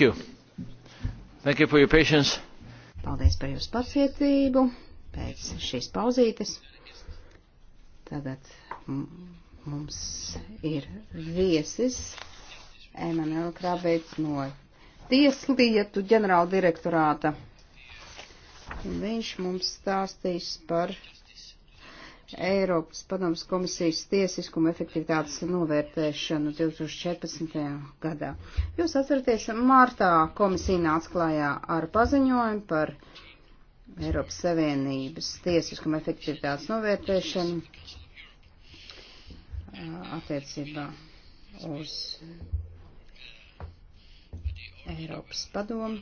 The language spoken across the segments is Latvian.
Thank you. Thank you for your patience. Paldies par jūsu pacietību pēc šīs pauzītes. Tagad mums ir viesis Emanuela Krabēts no Tieslietu ģenerāla direktorāta. Viņš mums stāstīs par Eiropas padomas komisijas tiesiskuma efektivitātes novērtēšanu 2014. gadā. Jūs atceraties, martā komisija nāca klājā ar paziņojumu par Eiropas Savienības tiesiskuma efektivitātes novērtēšanu attiecībā uz Eiropas padomu.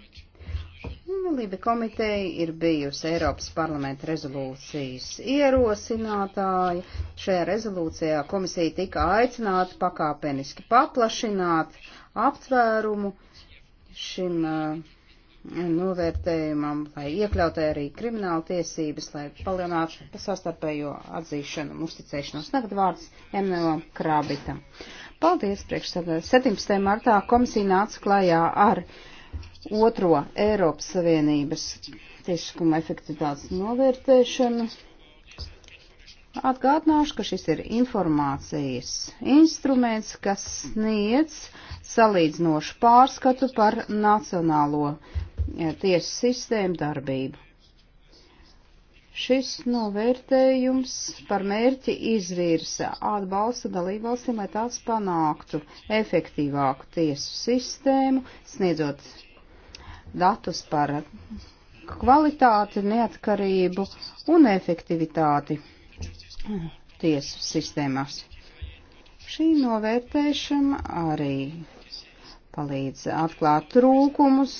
Lība komiteja ir bijusi Eiropas parlamenta rezolūcijas ierosinātāja. Šajā rezolūcijā komisija tika aicināta pakāpeniski paplašināt aptvērumu šim uh, novērtējumam, lai iekļautu arī kriminālu tiesības, lai palielinātu sastarpējo atzīšanu un uzticēšanos. Tagad vārds Emanuēlam Krabitam. Paldies, priekšsēdētājs. 17. martā komisija nāca klajā ar otro Eiropas Savienības tiesiskuma efektivitātes novērtēšanu. Atgādināšu, ka šis ir informācijas instruments, kas sniedz salīdzinošu pārskatu par nacionālo tiesu sistēmu darbību. Šis novērtējums par mērķi izvirsa atbalsta dalībvalstīm, lai tās panāktu efektīvāku tiesu sistēmu, sniedzot datus par kvalitāti, neatkarību un efektivitāti tiesu sistēmās. Šī novērtēšana arī palīdz atklāt trūkumus,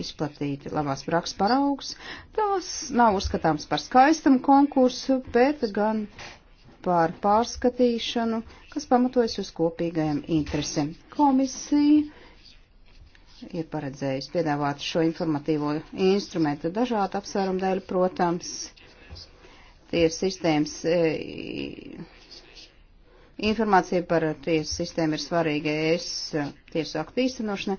izplatīt labās prakses paraugs. Tās nav uzskatāms par skaistumu konkursu, bet gan par pārskatīšanu, kas pamatojas uz kopīgajiem interesēm. Komisija ir paredzējis piedāvāt šo informatīvo instrumentu dažādu apsvērumu dēļ, protams. Tie ir sistēmas, e, informācija par tiesu sistēmu ir svarīga es e, tiesu aktu īstenošanai.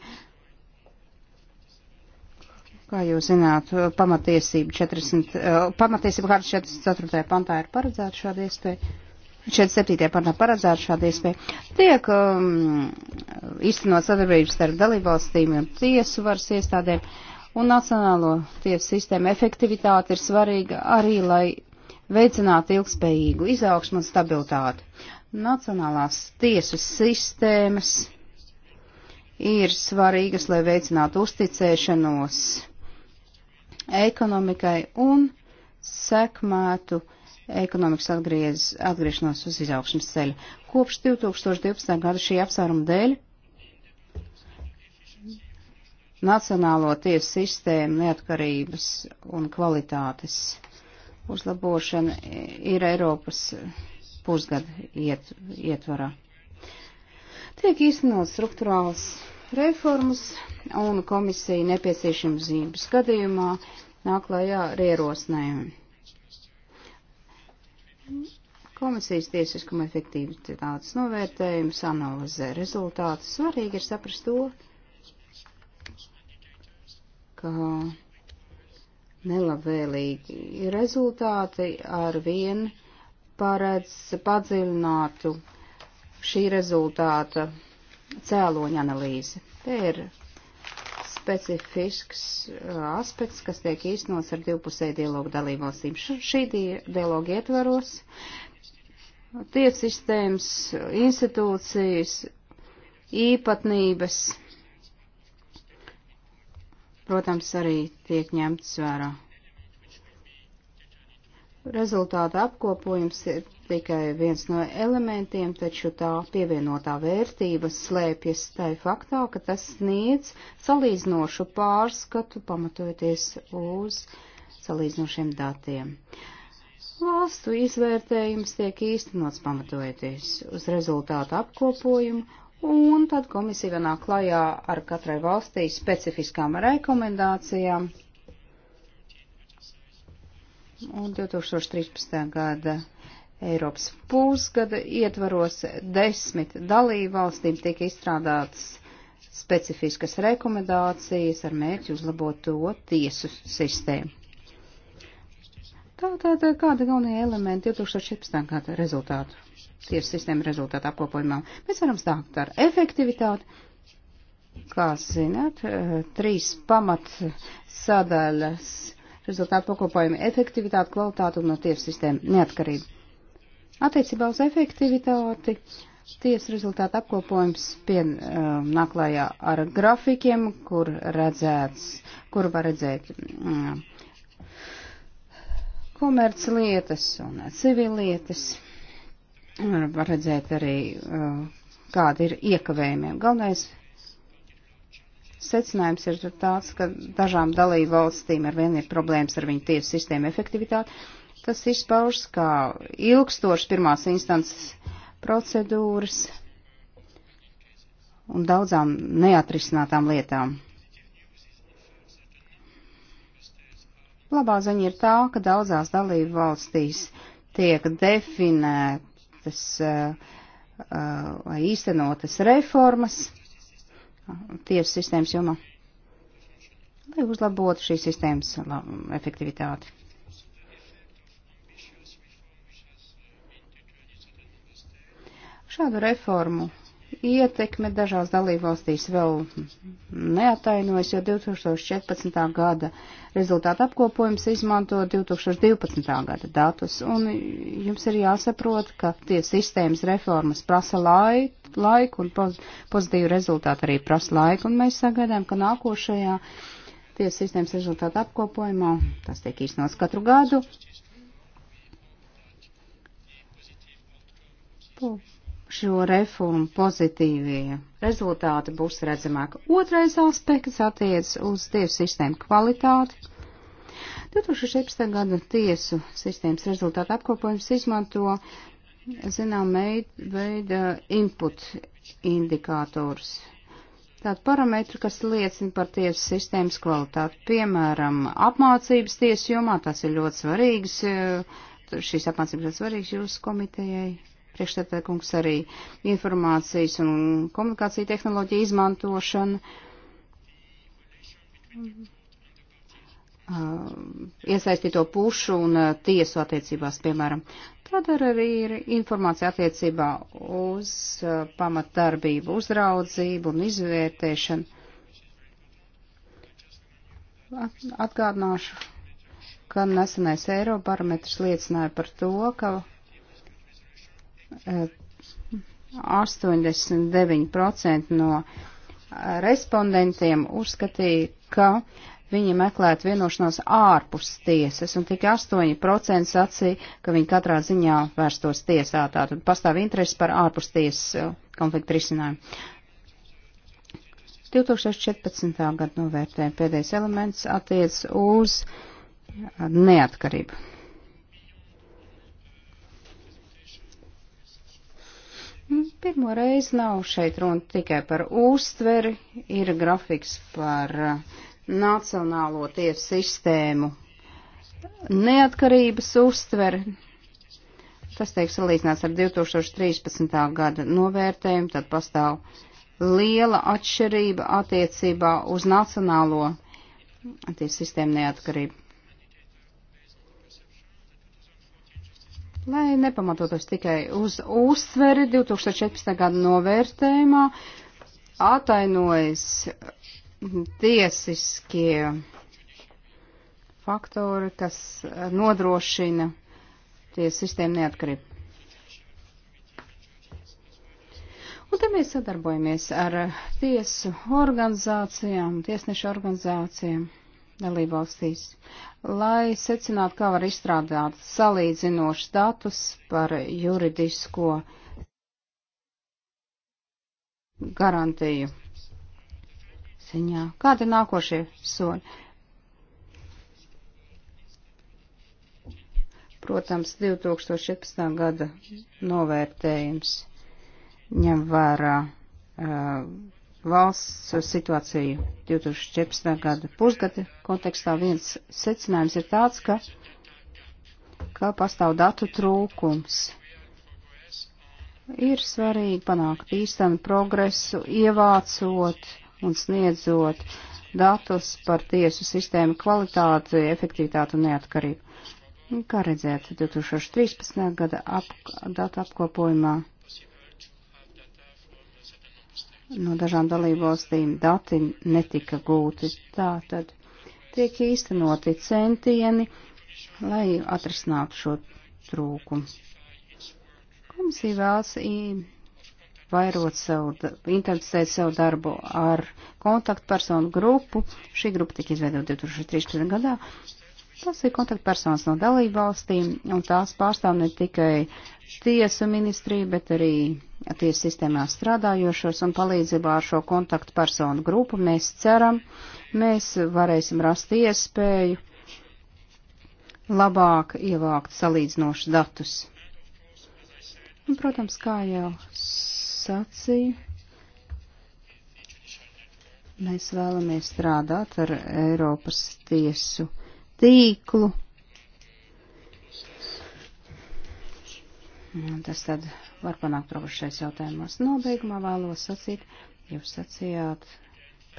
Kā jūs zināt, pamatiesība, 40, e, pamatiesība kārtas 44. pantā ir paredzēta šāda iespēja. 47. pantā paredzēta šāda iespēja. Tiek um, izcinot sadarbības starp dalībvalstīm un tiesu varas iestādēm, un nacionālo tiesu sistēmu efektivitāte ir svarīga arī, lai veicinātu ilgspējīgu izaugsmu un stabilitāti. Nacionālās tiesu sistēmas ir svarīgas, lai veicinātu uzticēšanos ekonomikai un sekmētu uh, ekonomikas atgriez, atgriešanās uz izaugšanas ceļa. Kopš 2012. gada šī apsvēruma dēļ nacionālo tiesu sistēmu neatkarības un kvalitātes uzlabošana ir Eiropas pusgada iet, ietvarā. Tiek īstenot struktūrāls reformas un komisija nepieciešamības gadījumā nāk lajā ar ierosinājumiem. Komisijas tiesiskuma efektivitātes novērtējums analizē rezultātus. Svarīgi ir saprast to, ka nelabvēlīgi rezultāti ar vien paredz padziļinātu šī rezultāta cēloņa analīzi. Te ir specifisks uh, aspekts, kas tiek īstenots ar divpusēju dialogu dalībvalstīm. Šī dialoga ietvaros tiesistēmas, institūcijas, īpatnības, protams, arī tiek ņemts vērā Rezultāta apkopojums ir tikai viens no elementiem, taču tā pievienotā vērtība slēpjas tai faktā, ka tas sniedz salīdzinošu pārskatu, pamatojoties uz salīdzinošiem datiem. Valstu izvērtējums tiek īstenots pamatojoties uz rezultātu apkopojumu, un tad komisija nāk klajā ar katrai valstī specifiskām rekomendācijām Un 2013. gada Eiropas pusgada ietvaros desmit dalībvalstīm tika izstrādātas specifiskas rekomendācijas ar mērķi uzlabot to tiesu sistēmu. Tātad, tā, kāda galvenie elementi 2014. gada rezultātu, tiesu sistēmu rezultātu apkopojumā? Mēs varam sākt ar efektivitāti. Kā zināt, trīs pamat sadaļas rezultātu pakopojumi - efektivitāte, kvalitāte un no tiesu sistēma neatkarība. Attiecībā uz efektivitāti tiesu rezultātu apkopojums pien, um, naklājā ar grafikiem, kur redzēts, kur var redzēt um, komerclietas un civilietas. Var redzēt arī, uh, kāda ir iekavējumiem. Galvenais secinājums ir tāds, ka dažām dalību valstīm ar vienu ir problēmas ar viņu tiesu sistēmu efektivitāti. Tas izpaužas kā ilgstošs pirmās instances procedūras un daudzām neatrisinātām lietām. Labā ziņa ir tā, ka daudzās dalību valstīs tiek definētas eh, eh, vai uh, uh, īstenotas reformas, tiesu sistēmas jomā, lai uzlabotu šīs sistēmas efektivitāti. Šādu reformu ietekme dažās dalībvalstīs vēl neatainojas, jo 2014. gada rezultātu apkopojums izmanto 2012. gada datus, un jums ir jāsaprot, ka tie sistēmas reformas prasa laiku, laiku un poz, pozitīvi rezultāti arī prasa laiku, un mēs sagaidām, ka nākošajā tiesas sistēmas rezultātu apkopojumā tas tiek īstenots katru gadu. Puh šo reformu pozitīvie rezultāti būs redzamāk. Otrais aspekts attiec uz tiesu sistēmu kvalitāti. 2016. gada tiesu sistēmas rezultātu apkopojums izmanto zinām veida input indikātors. Tāda parametra, kas liecina par tiesu sistēmas kvalitāti. Piemēram, apmācības tiesu jomā tas ir ļoti svarīgs. Eh, šīs apmācības ir svarīgas jūsu komitejai. Priekšstādā kungs arī informācijas un komunikācija tehnoloģija izmantošana. Eh, iesaistīto pušu un eh, tiesu attiecībās, piemēram. Jādara arī ir informācija attiecībā uz uh, pamatdarbību, uzraudzību un izvērtēšanu. Atgādināšu, ka nesenais Eirobarometrs liecināja par to, ka 89% uh, no uh, respondentiem uzskatīja, ka viņi meklētu vienošanos ārpus tiesas, un tikai 8% sacīja, ka viņi katrā ziņā vērstos tiesā. Tātad pastāv interesi par ārpus tiesas uh, konfliktu risinājumu. 2014. gada novērtējuma pēdējais elements attiec uz neatkarību. Pirmo reizi nav šeit runa tikai par uztveri, ir grafiks par uh, nacionālo tiesu sistēmu neatkarības uztveri. Tas tiek salīdzināts ar 2013. gada novērtējumu, tad pastāv liela atšķirība attiecībā uz nacionālo tiesu sistēmu neatkarību. Lai nepamatotos tikai uz uztveri 2014. gada novērtējumā, atainojas tiesiskie faktori, kas nodrošina tiesu sistēmu neatkarību. Un te mēs sadarbojamies ar tiesu organizācijām, tiesnešu organizācijām dalībvalstīs, lai secinātu, kā var izstrādāt salīdzinošus datus par juridisko garantiju ziņā. Kādi nākošie soļi? Protams, 2014. gada novērtējums ņem vērā uh, valsts situāciju 2014. gada pusgada kontekstā. Viens secinājums ir tāds, ka, ka pastāv datu trūkums ir svarīgi panākt īstenu progresu, ievācot un sniedzot datus par tiesu sistēmu kvalitāti, efektivitāti un neatkarību. Nu, kā redzēt, 2013. gada ap, datu apkopojumā no dažām dalībvalstīm dati netika gūti. Tā tad tiek īstenoti centieni, lai atrisinātu šo trūkumu. Komisija vēlas vairot savu, intensificēt savu darbu ar kontaktpersonu grupu. Šī grupa tika izveidota 2013. gadā. Tas ir kontaktpersonas no dalību valstīm, un tās pārstāv ne tikai tiesu ministriju, bet arī tiesu sistēmā strādājošos, un palīdzībā ar šo kontaktpersonu grupu mēs ceram, mēs varēsim rast iespēju labāk ievākt salīdzinošus datus. Un, protams, kā jau sacīju. Mēs vēlamies strādāt ar Eiropas tiesu tīklu. Un tas tad var panākt robušais jautājumos. Nobeigumā nu, vēlos sacīt, jūs sacījāt,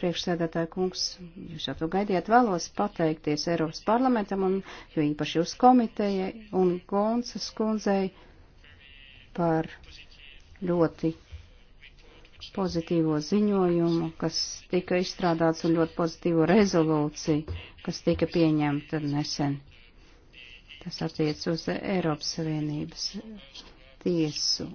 priekšsēdētāja kungs, jūs jau to gaidījāt, vēlos pateikties Eiropas parlamentam un jo īpaši jūs komitejai un Gonsas kundzei par ļoti pozitīvo ziņojumu, kas tika izstrādāts un ļoti pozitīvo rezolūciju, kas tika pieņemta nesen. Tas attiec uz Eiropas Savienības tiesu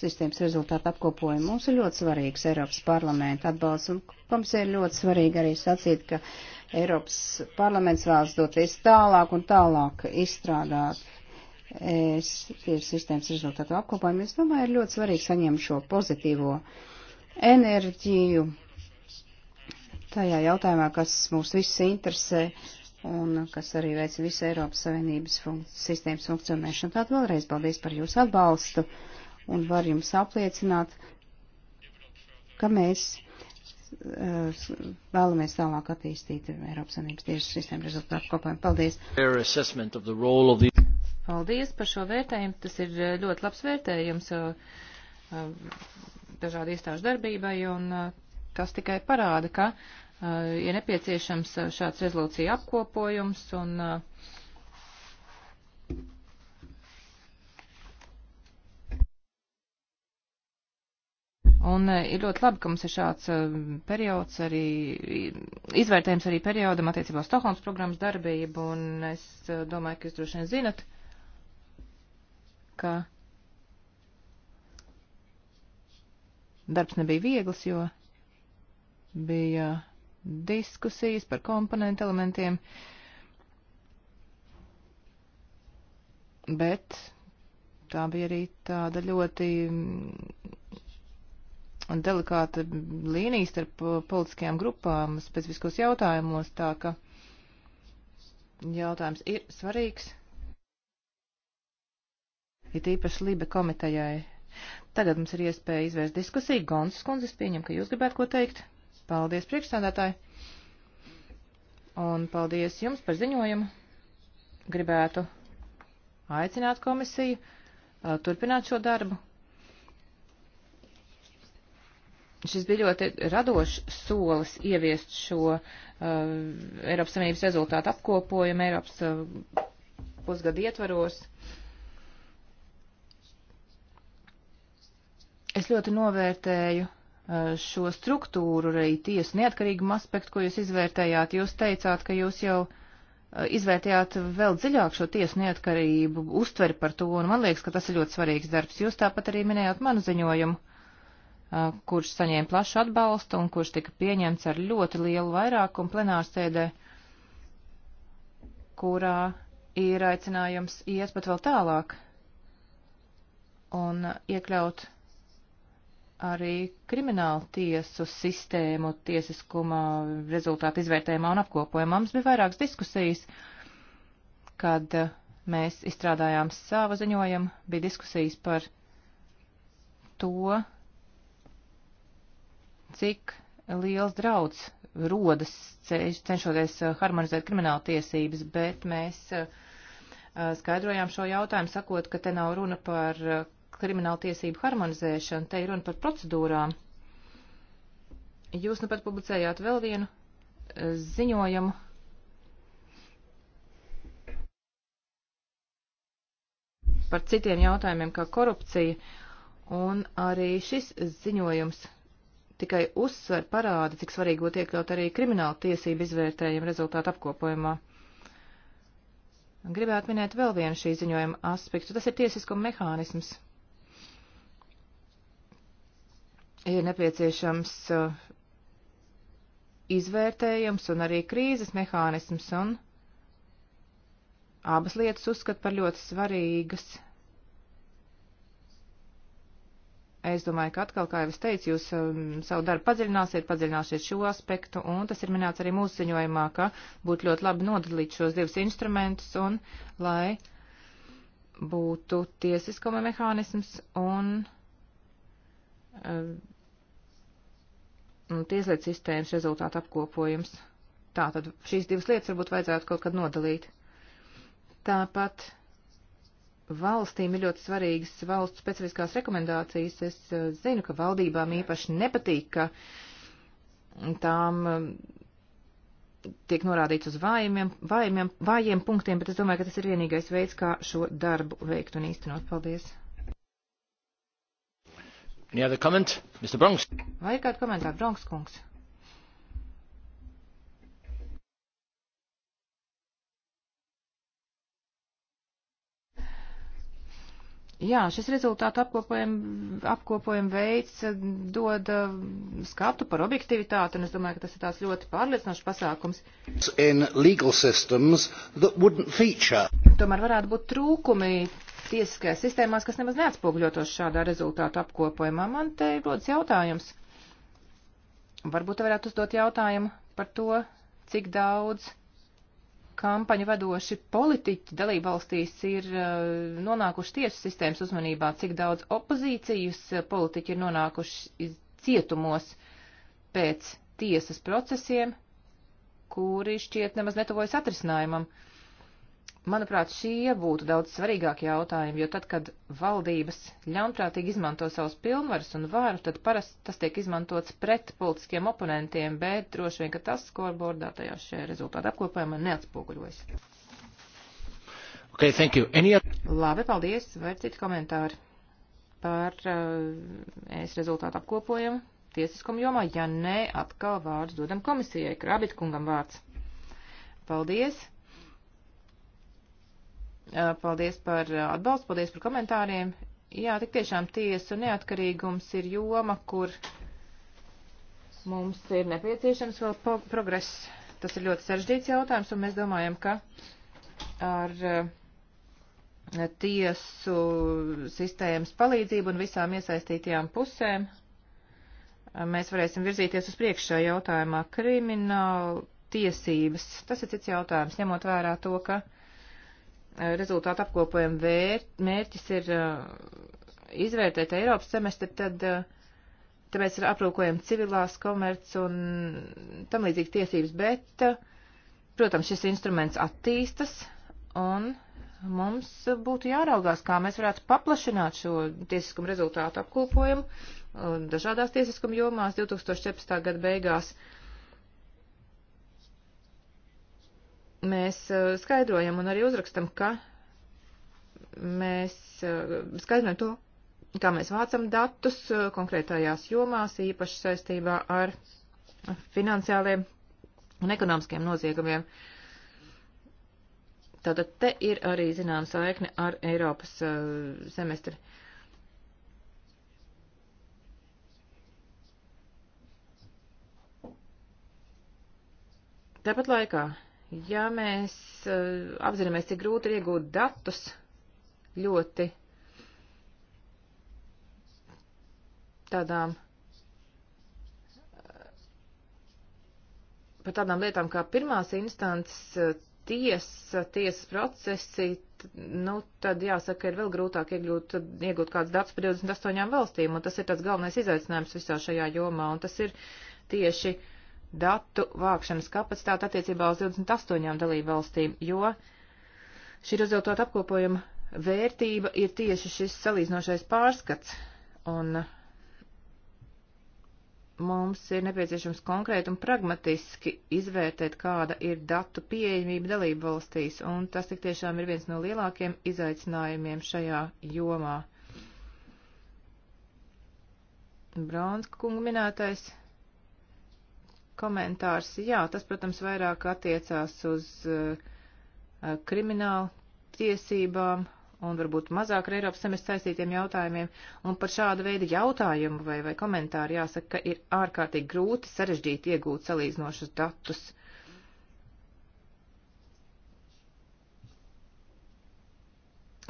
sistēmas rezultātu apkopojumu. Mums ir ļoti svarīgs Eiropas parlamenta atbalsts, un komisija ir ļoti svarīgi arī sacīt, ka Eiropas parlaments vēlas doties tālāk un tālāk izstrādāt es tiesu sistēmas rezultātu apkopojumu. Es domāju, ir ļoti svarīgi saņemt šo pozitīvo uh, enerģiju tajā jautājumā, kas mūs visus interesē un kas arī veic visu Eiropas Savienības funk sistēmas funkcionēšanu. Tātad vēlreiz paldies par jūsu atbalstu un var jums apliecināt, ka mēs eh, vēlamies tālāk attīstīt Eiropas Savienības tiesu sistēmu rezultātu kopējumu. Paldies! Paldies par šo vērtējumu. Tas ir eh, ļoti labs vērtējums. Eh, dažādu iestāžu darbībai, un uh, tas tikai parāda, ka uh, ir nepieciešams uh, šāds rezolūcija apkopojums un Un ir ļoti labi, ka mums ir šāds periods arī, izvērtējums arī periodam attiecībā uz Stokholmas programmas darbību, un es domāju, ka jūs droši vien zinat, ka Darbs nebija viegls, jo bija diskusijas par komponentu elementiem, bet tā bija arī tāda ļoti delikāta līnija starp politiskajām grupām specifiskos jautājumos, tā ka jautājums ir svarīgs. Ir īpaši Libe komitejai. Tagad mums ir iespēja izvērst diskusiju. Gonsas kundzes pieņem, ka jūs gribētu ko teikt. Paldies, priekšstādātāji. Un paldies jums par ziņojumu. Gribētu aicināt komisiju uh, turpināt šo darbu. Šis bija ļoti radošs solis ieviest šo uh, Eiropas Savienības rezultātu apkopojumu Eiropas uh, pusgadu ietvaros. Uh, Es ļoti novērtēju eh, šo struktūru, arī tiesu neatkarīgumu aspektu, ko jūs izvērtējāt. Jūs teicāt, ka jūs jau eh, izvērtējāt vēl dziļāk šo tiesu neatkarību, uztveri par to, un man liekas, ka tas ir ļoti svarīgs darbs. Jūs tāpat arī minējāt manu ziņojumu, eh, kurš saņēma plašu atbalstu un kurš tika pieņemts ar ļoti lielu vairākumu plenārsēdē, kurā ir aicinājums iet pat vēl tālāk un iekļaut arī kriminālu tiesu sistēmu tiesiskuma rezultātu izvērtējumā un apkopojumā. Mums bija vairākas diskusijas, kad eh, mēs izstrādājām savu ziņojumu, bija diskusijas par to, cik liels drauds rodas cenšoties eh, harmonizēt kriminālu tiesības, bet mēs eh, skaidrojām šo jautājumu, sakot, ka te nav runa par krimināla tiesību harmonizēšanu, te ir runa par procedūrām. Jūs nu pat publicējāt vēl vienu eh, ziņojumu. par citiem jautājumiem, kā korupcija, un arī šis ziņojums tikai uzsver parāda, cik svarīgi būtu iekļaut arī krimināla tiesību izvērtējumu rezultātu apkopojumā. Gribētu minēt vēl vienu šī ziņojuma aspektu, tas ir tiesisko mehānisms, ir nepieciešams uh, izvērtējums un arī krīzes mehānisms, un abas lietas uzskat par ļoti svarīgas. Es domāju, ka atkal, kā jau es teicu, jūs um, savu darbu padziļināsiet, padziļināsiet šo aspektu, un tas ir minēts arī mūsu ziņojumā, ka būtu ļoti labi nodalīt šos divus instrumentus, un lai būtu tiesiskuma mehānisms un um, tieslietu sistēmas rezultātu apkopojums. Tātad šīs divas lietas varbūt vajadzētu kaut kad nodalīt. Tāpat valstīm ir ļoti svarīgas valsts specifiskās rekomendācijas. Es eh, zinu, ka valdībām īpaši nepatīk, ka tām eh, tiek norādīts uz vājiem, vājiem, vājiem punktiem, bet es domāju, ka tas ir vienīgais veids, kā šo darbu veikt un īstenot. Paldies! Any other comment? Mr. Bronx. Vai kādu komentāru, Bronx kungs? Jā, šis rezultātu apkopojuma apkopojum veids eh, dod eh, skatu par objektivitāti, un es domāju, ka tas ir tāds ļoti pārliecinošs pasākums. Tomēr varētu būt trūkumi tiesiskajās sistēmās, kas nemaz neatspogļotos šādā rezultātu apkopojumā. Man te rodas jautājums. Varbūt varētu uzdot jautājumu par to, cik daudz kampaņu vedoši politiķi dalībvalstīs ir uh, nonākuši tiesu sistēmas uzmanībā, cik daudz opozīcijas politiķi ir nonākuši cietumos pēc tiesas procesiem, kuri šķiet nemaz netuvojas atrisinājumam. Uh, Manuprāt, šie būtu daudz svarīgākie jautājumi, jo tad, kad valdības ļaunprātīgi izmanto savus pilnvarus un varu, tad parasti tas tiek izmantots pret politiskiem oponentiem, bet droši vien, ka tas skorbordā tajā šajā rezultātu apkopējumā neatspoguļojas. Okay, thank you. Any other... Labi, paldies. Vai ir citi komentāri par uh, es rezultātu apkopojumu tiesiskumu jomā? Ja nē, atkal vārds dodam komisijai. Krabitkungam vārds. Paldies. Eh, paldies par eh, atbalstu, paldies par komentāriem. Jā, tik tiešām tiesa un neatkarīgums ir joma, kur mums ir nepieciešams vēl progress. Tas ir ļoti sarežģīts jautājums, un mēs domājam, ka ar eh, tiesu sistēmas palīdzību un visām iesaistītajām pusēm mēs varēsim virzīties uz priekšu šajā jautājumā. Krimināla tiesības, tas ir cits jautājums, ņemot vērā to, ka Eh, rezultātu apkopojuma vēr, mērķis ir eh, izvērtēt Eiropas semestri, tad eh, tāpēc ir aprūkojama civilās komerc un tam līdzīgi tiesības, bet, protams, šis instruments attīstas un mums būtu jāraugās, kā mēs varētu paplašināt šo tiesiskumu rezultātu apkopojumu dažādās tiesiskuma jomās 2014. gada beigās. Mēs uh, skaidrojam un arī uzrakstam, ka mēs uh, skaidrojam to, kā mēs vācam datus uh, konkrētajās jomās, īpaši saistībā ar finansiāliem un ekonomiskiem noziegumiem. Tātad te ir arī zinām saikne ar Eiropas uh, semestri. Tāpat laikā Ja mēs uh, apzināmies, cik grūti ir iegūt datus ļoti tādām, par tādām lietām kā pirmās instances eh, tiesa, tiesas procesi, nu, tad jāsaka, ir vēl grūtāk iegūt, iegūt kāds dats par 28 valstīm, un tas ir tāds galvenais izaicinājums visā šajā jomā, un tas ir tieši uh, datu vākšanas kapacitāti attiecībā uz 28 dalību valstīm, jo šī rezultāta apkopojuma vērtība ir tieši šis salīdzinošais pārskats, un mums ir nepieciešams konkrēti un pragmatiski izvērtēt, kāda ir datu pieejamība dalību valstīs, un tas tik tiešām ir viens no lielākiem izaicinājumiem šajā jomā. Brānska kungu minētais komentārs. Jā, tas, protams, vairāk attiecās uz uh, kriminālu tiesībām un varbūt mazāk ar Eiropas semestru saistītiem jautājumiem, un par šādu veidu jautājumu vai, vai komentāru jāsaka, ka ir ārkārtīgi grūti sarežģīti iegūt salīdzinošus datus.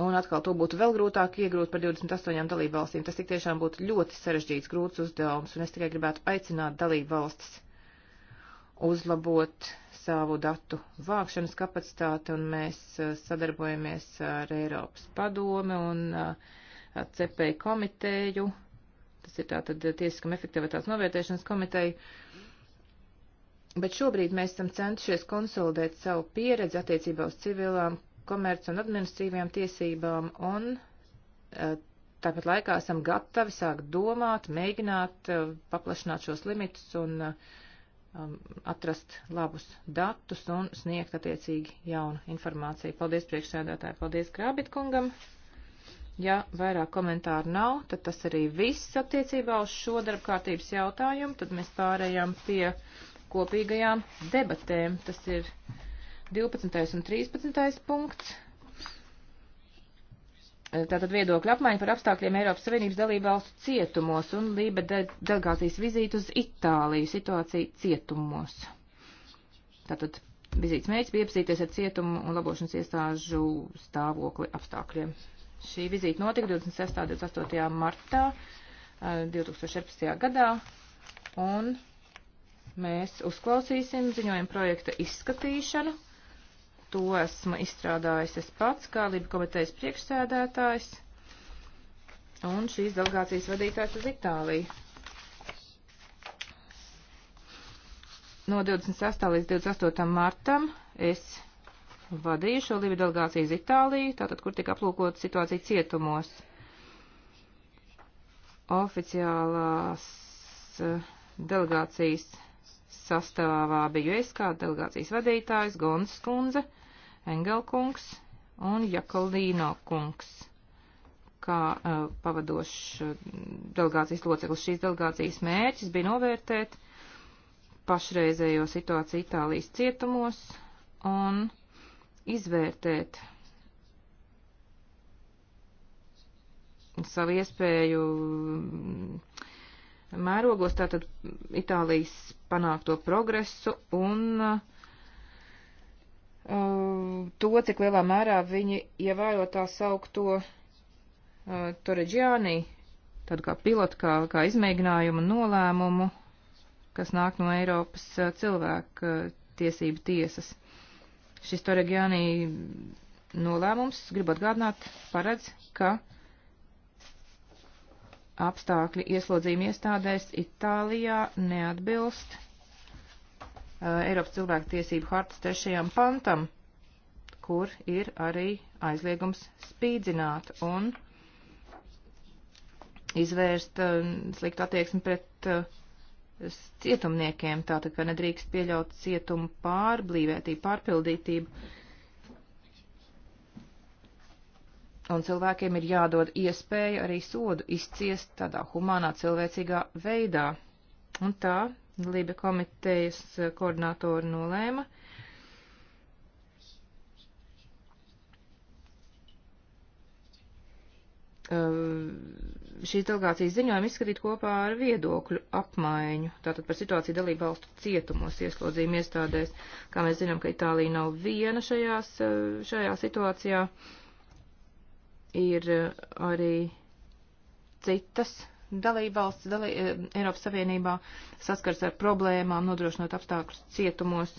Un atkal to būtu vēl grūtāk iegūt par 28 dalību valstīm. Tas tik tiešām būtu ļoti sarežģīts, grūts uzdevums, un es tikai gribētu aicināt dalību valstis uzlabot savu datu vākšanas kapacitāti, un mēs eh, sadarbojamies ar Eiropas padomi un eh, CPI komiteju, tas ir tātad tiesiskam efektivitātes novērtēšanas komiteju. Bet šobrīd mēs esam centušies konsolidēt savu pieredzi attiecībā uz civilām, komerc un administrīvajām tiesībām, un eh, tāpat laikā esam gatavi sākt domāt, mēģināt paplašināt šos limitus un uh, um, atrast labus datus un sniegt attiecīgi jaunu informāciju. Paldies priekšsēdētāji, paldies Grābitkungam. Ja vairāk komentāru nav, tad tas arī viss attiecībā uz šo darbkārtības jautājumu. Tad mēs pārējām pie kopīgajām debatēm. Tas ir 12. un 13. punkts. Tātad viedokļu apmaiņa par apstākļiem Eiropas Savienības dalībvalstu cietumos un Lība de delegācijas vizīti uz Itāliju situāciju cietumos. Tātad vizītes mērķis bija iepazīties ar cietumu un labošanas iestāžu stāvokli apstākļiem. Šī vizīte notika 26. un 28. martā 2014. Eh, gadā un mēs uzklausīsim ziņojumu projekta izskatīšanu To esmu izstrādājis es pats, kā Lība komitejas priekšsēdētājs un šīs delegācijas vadītājs uz Itāliju. No 26. līdz 28. martam es vadīju šo Lība delegāciju uz Itāliju, tātad, kur tika aplūkot situācija cietumos. Oficiālās eh, delegācijas sastāvā biju es kā delegācijas vadītājs Gonsas kundze. Engelkungs un Jakalīno kungs kā uh, pavadošs eh, delegācijas loceklis. Šīs delegācijas mērķis bija novērtēt pašreizējo situāciju Itālijas cietumos un izvērtēt savu iespēju mm, mērogos tātad Itālijas panākto progresu un uh, Uh, to, cik lielā mērā viņi ievēro tā saukto uh, Toreģiānī, tādu kā pilotu, kā, kā izmēģinājumu nolēmumu, kas nāk no Eiropas uh, cilvēku tiesību tiesas. Šis Toreģiānī nolēmums, gribu atgādināt, paredz, ka apstākļi ieslodzījuma iestādēs Itālijā neatbilst Uh, Eiropas cilvēku tiesību hartas trešajam pantam, kur ir arī aizliegums spīdzināt un izvērst uh, sliktu attieksmi pret uh, cietumniekiem, tātad, ka nedrīkst pieļaut cietumu pārblīvētību, pārpildītību. Un cilvēkiem ir jādod iespēja arī sodu izciest tādā humānā cilvēcīgā veidā. Un tā Liba komitejas eh, koordinātori nolēma. Eh, šīs delegācijas ziņojumu izskatīt kopā ar viedokļu apmaiņu, tātad par situāciju dalību valstu cietumos ieslodzījuma iestādēs. Kā mēs zinām, ka Itālija nav viena šajās, eh, šajā situācijā, ir arī citas dalībvalsts dalī, eh, Eiropas Savienībā saskars ar problēmām, nodrošinot apstākļus cietumos.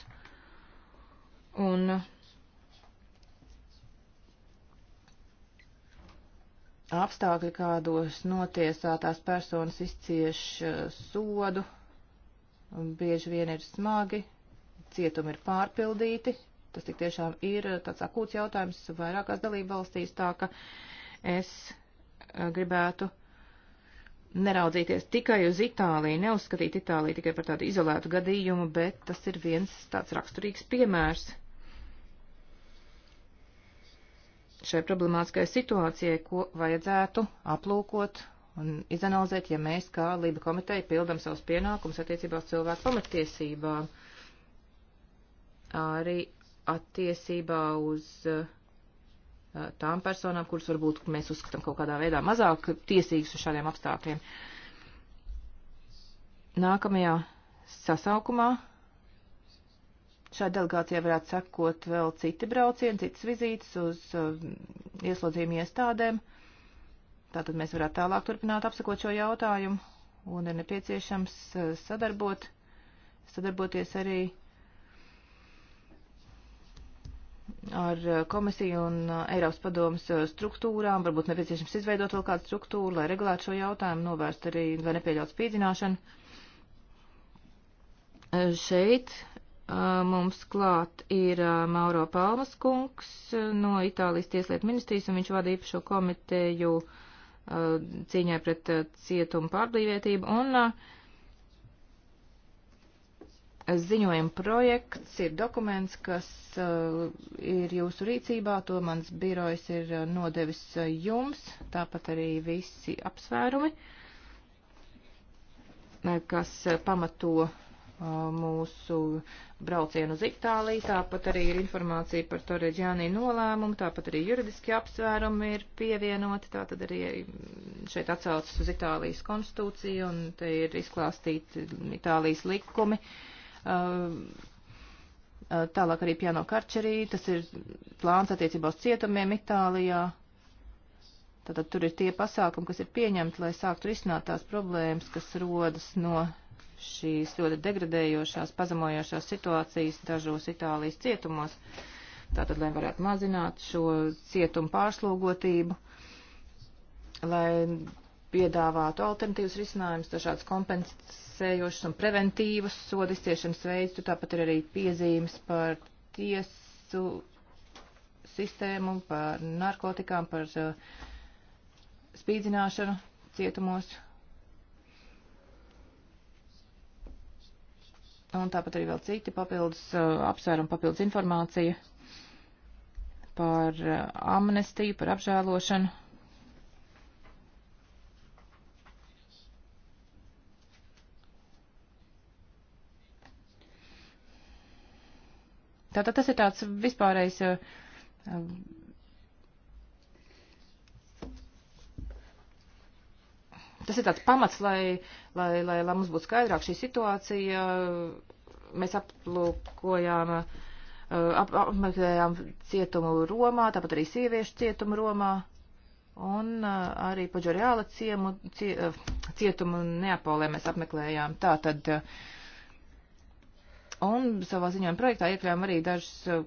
Un eh, apstākļi, kādos notiesātās personas izcieš eh, sodu, bieži vien ir smagi, cietumi ir pārpildīti. Tas tik tiešām ir tāds akūts jautājums vairākās dalībvalstīs, tā ka es gribētu uh, neraudzīties tikai uz Itāliju, neuzskatīt Itāliju tikai par tādu izolētu gadījumu, bet tas ir viens tāds raksturīgs piemērs šai problemātiskai situācijai, ko vajadzētu aplūkot un izanalizēt, ja mēs kā Lība komiteja pildam savus pienākumus attiecībā uz cilvēku pamatiesībām, arī attiecībā uz uh, Eh, tām personām, kuras varbūt mēs uzskatām kaut kādā veidā mazāk tiesīgas uz šādiem apstākļiem. Nākamajā sasaukumā šā delegācijā varētu sekot vēl citi braucieni, citas vizītes uz eh, ieslodzījumu iestādēm. Tātad mēs varētu tālāk turpināt apsakot šo jautājumu un ir nepieciešams eh, sadarbot, sadarboties arī ar eh, komisiju un eh, Eiropas padomas eh, struktūrām, varbūt nepieciešams izveidot vēl kādu struktūru, lai regulētu šo jautājumu, novērst arī, lai nepieļaut spīdzināšanu. Šeit mums klāt ir Mauro Palmas kungs no Itālijas tieslietu ministrijas, un viņš vada īpašo komiteju cīņai pret cietumu pārblīvētību, un Ziņojuma projekts ir dokuments, kas uh, ir jūsu rīcībā, to mans birojs ir uh, nodevis uh, jums, tāpat arī visi apsvērumi, uh, kas pamato uh, mūsu braucienu uz Itāliju, tāpat arī ir informācija par Toreģiānī nolēmumu, tāpat arī juridiski apsvērumi ir pievienoti, tātad arī mm, šeit atsaucas uz Itālijas konstitūciju un te ir izklāstīti Itālijas likumi. Uh, Ehm, eh, tālāk arī piano karčerī, tas ir plāns attiecībā uz cietumiem Itālijā. Tātad tur ir tie pasākumi, kas ir pieņemti, lai sāktu risināt tās problēmas, kas rodas no šīs ļoti degradējošās, pazemojošās situācijas dažos Itālijas cietumos. Tātad, lai varētu mazināt šo cietumu pārslogotību, lai piedāvātu alternatīvas risinājumus, dažādas kompensējošas un preventīvas sodu izciešanas veids, tāpat ir arī piezīmes par tiesu sistēmu, par narkotikām, par uh, spīdzināšanu cietumos. Un tāpat arī vēl citi papildus uh, apsvērumi, papildus informācija par uh, amnestiju, par apžēlošanu Tātad tas ir tāds vispārējs uh, uh, tas ir tāds pamats, lai, lai, lai, lai mums būtu skaidrāk šī situācija. Mēs aplūkojām, uh, ap, apmeklējām cietumu Romā, tāpat arī sieviešu cietumu Romā un arī Paģoriāla ciemu, cie, cietumu Neapolē mēs apmeklējām. Tā tad. Uh, Un savā ziņojuma projektā iekļāvām arī dažus uh,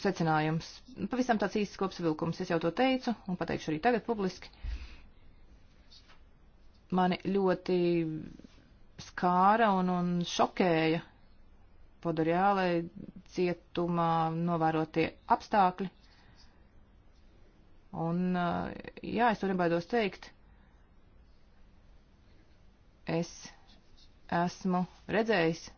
secinājumus. Pavisam tāds īsts kopsavilkums, es jau to teicu un pateikšu arī tagad publiski. Mani ļoti skāra un, un šokēja podorjālai cietumā novērotie apstākļi. Un, uh, jā, es to nebaidos teikt. Es esmu redzējis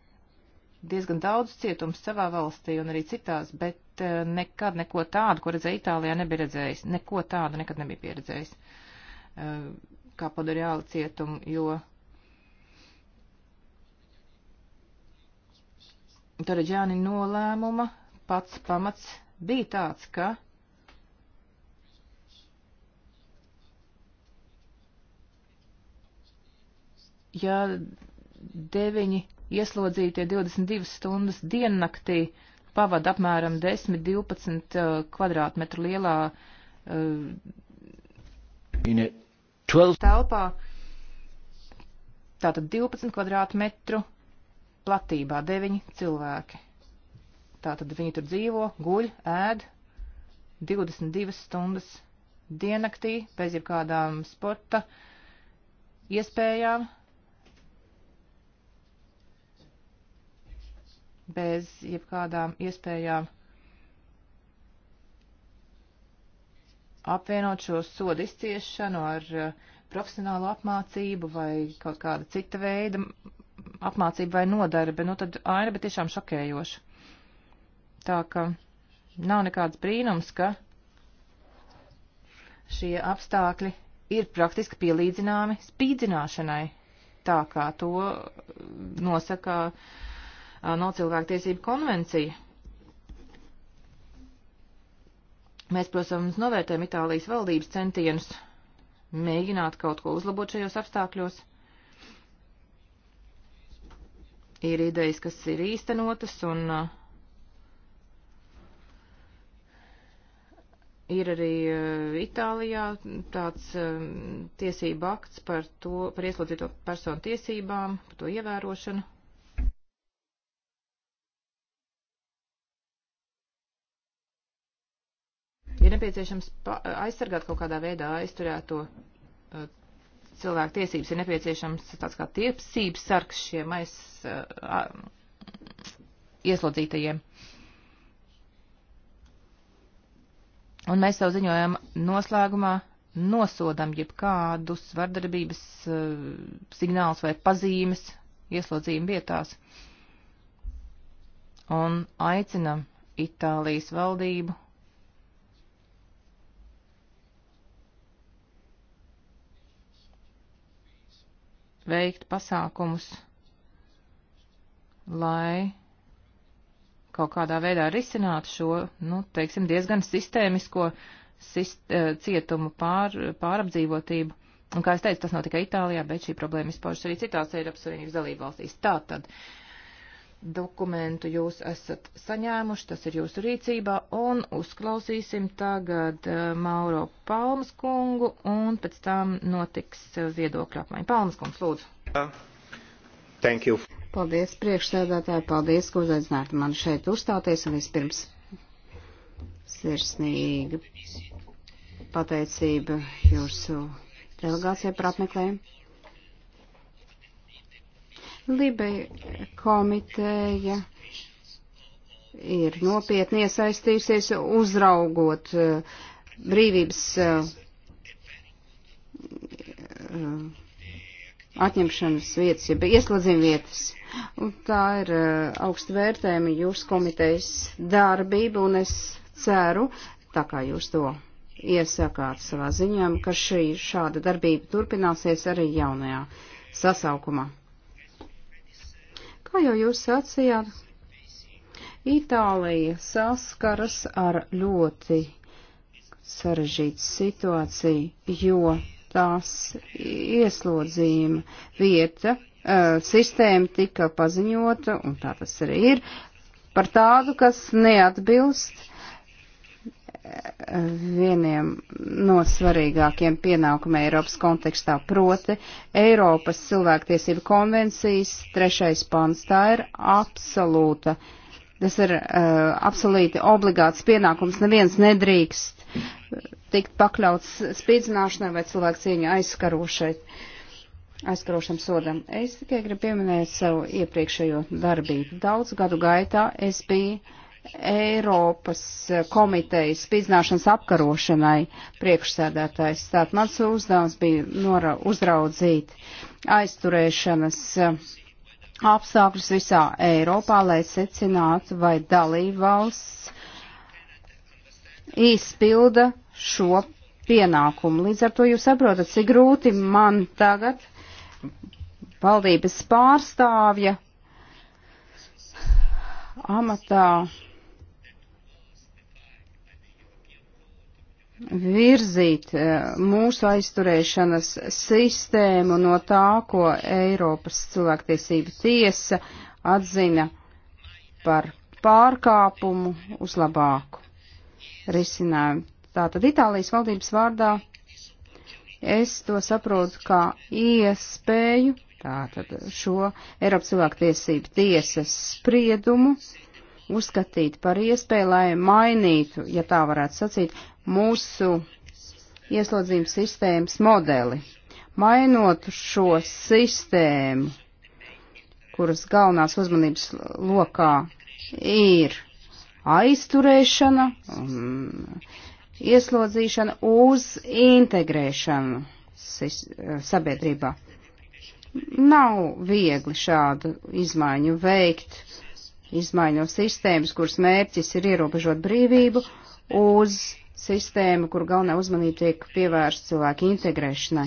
diezgan daudz cietums savā valstī un arī citās, bet eh, nekad neko tādu, ko redzēja Itālijā, nebija redzējis. Neko tādu nekad nebija pieredzējis eh, kā padarījāli cietumu, jo Taraģāni nolēmuma pats pamats bija tāds, ka ja deviņi ieslodzītie 22 stundas diennaktī pavada apmēram 10-12 uh, kvadrātmetru lielā uh, telpā, tātad 12 kvadrātmetru platībā 9 cilvēki. Tātad viņi tur dzīvo, guļ, ēd 22 stundas diennaktī bez jebkādām sporta iespējām bez jebkādām iespējām apvienot šo sodu izciešanu ar eh, profesionālu apmācību vai kaut kāda cita veida apmācību vai nodarbe, nu tad aina, bet tiešām šokējoša. Tā ka nav nekāds brīnums, ka šie apstākļi ir praktiski pielīdzināmi spīdzināšanai, tā kā to eh, nosaka uh, no cilvēktiesību konvenciju. Mēs, protams, novērtējam Itālijas valdības centienus mēģināt kaut ko uzlabot šajos apstākļos. Ir idejas, kas ir īstenotas, un uh, ir arī uh, Itālijā tāds uh, tiesība akts par to, par ieslodzīto personu tiesībām, par to ievērošanu. nepieciešams aizsargāt kaut kādā veidā aizturēto uh, cilvēku tiesības, ir nepieciešams tāds kā tiesības sargs šiem aiz uh, ieslodzītajiem. Un mēs savu ziņojumu noslēgumā nosodam jebkādus vardarbības uh, signālus vai pazīmes ieslodzījuma vietās. Un aicinam Itālijas valdību veikt pasākumus, lai kaut kādā veidā risinātu šo, nu, teiksim, diezgan sistēmisko sist, eh, cietumu pār, pārapdzīvotību. Un, kā es teicu, tas nav tikai Itālijā, bet šī problēma izpaužas arī citās Eiropas Savienības dalībvalstīs. Tātad, uh, Dokumentu jūs esat saņēmuši, tas ir jūsu rīcībā, un uzklausīsim tagad eh, Mauro Palmas kungu, un pēc tam notiks eh, viedokļu apmaiņa. Palmas kungs, lūdzu. Thank you. Paldies, priekšsēdētāji, paldies, ka uzaicināt man šeit uzstāties, un vispirms sirsnīga pateicība jūsu delegācijai par apmeklējumu. Libe komiteja ir nopietni iesaistījusies uzraugot eh, brīvības eh, atņemšanas vietas, jeb ieslodzījuma vietas. Un tā ir eh, augstu vērtējumi jūsu komitejas darbība, un es ceru, tā kā jūs to iesakāt savā ziņām, ka šī šāda darbība turpināsies arī jaunajā sasaukumā. Kā jau jūs sacījāt, Itālija saskaras ar ļoti sarežģītu situāciju, jo tās ieslodzījuma vieta, uh, sistēma tika paziņota, un tā tas arī ir, par tādu, kas neatbilst vieniem no svarīgākiem pienākumiem Eiropas kontekstā, proti Eiropas cilvēktiesību konvencijas trešais pants. Tā ir absolūta, tas ir uh, absolūti obligāts pienākums, neviens nedrīkst tikt pakļauts spīdzināšanai vai cilvēku cieņu aizskarošai. Aizskarošam sodam. Es tikai gribu pieminēt savu iepriekšējo darbību. Daudz gadu gaitā es biju Eiropas eh, komitejas spīdzināšanas apkarošanai priekšsēdētājs. Tātad mans uzdevums bija nora, uzraudzīt aizturēšanas eh, apstākļus visā Eiropā, lai secinātu, vai dalībvalsts izpilda šo pienākumu. Līdz ar to jūs saprotat, cik grūti man tagad valdības pārstāvja amatā virzīt eh, mūsu aizturēšanas sistēmu no tā, ko Eiropas cilvēktiesība tiesa atzina par pārkāpumu uz labāku risinājumu. Tātad Itālijas valdības vārdā es to saprotu kā iespēju, tātad šo Eiropas cilvēktiesību tiesas spriedumu, uh, uzskatīt par iespēju, lai mainītu, ja tā varētu sacīt, mūsu ieslodzījuma sistēmas modeli. Mainot šo sistēmu, kuras galvenās uzmanības lokā ir aizturēšana un ieslodzīšana uz integrēšanu sabiedrībā. Nav viegli šādu izmaiņu veikt, izmaiņu no sistēmas, kuras mērķis ir ierobežot brīvību, uz sistēmu, kur galvenā uzmanība tiek pievērsta cilvēku integrēšanai.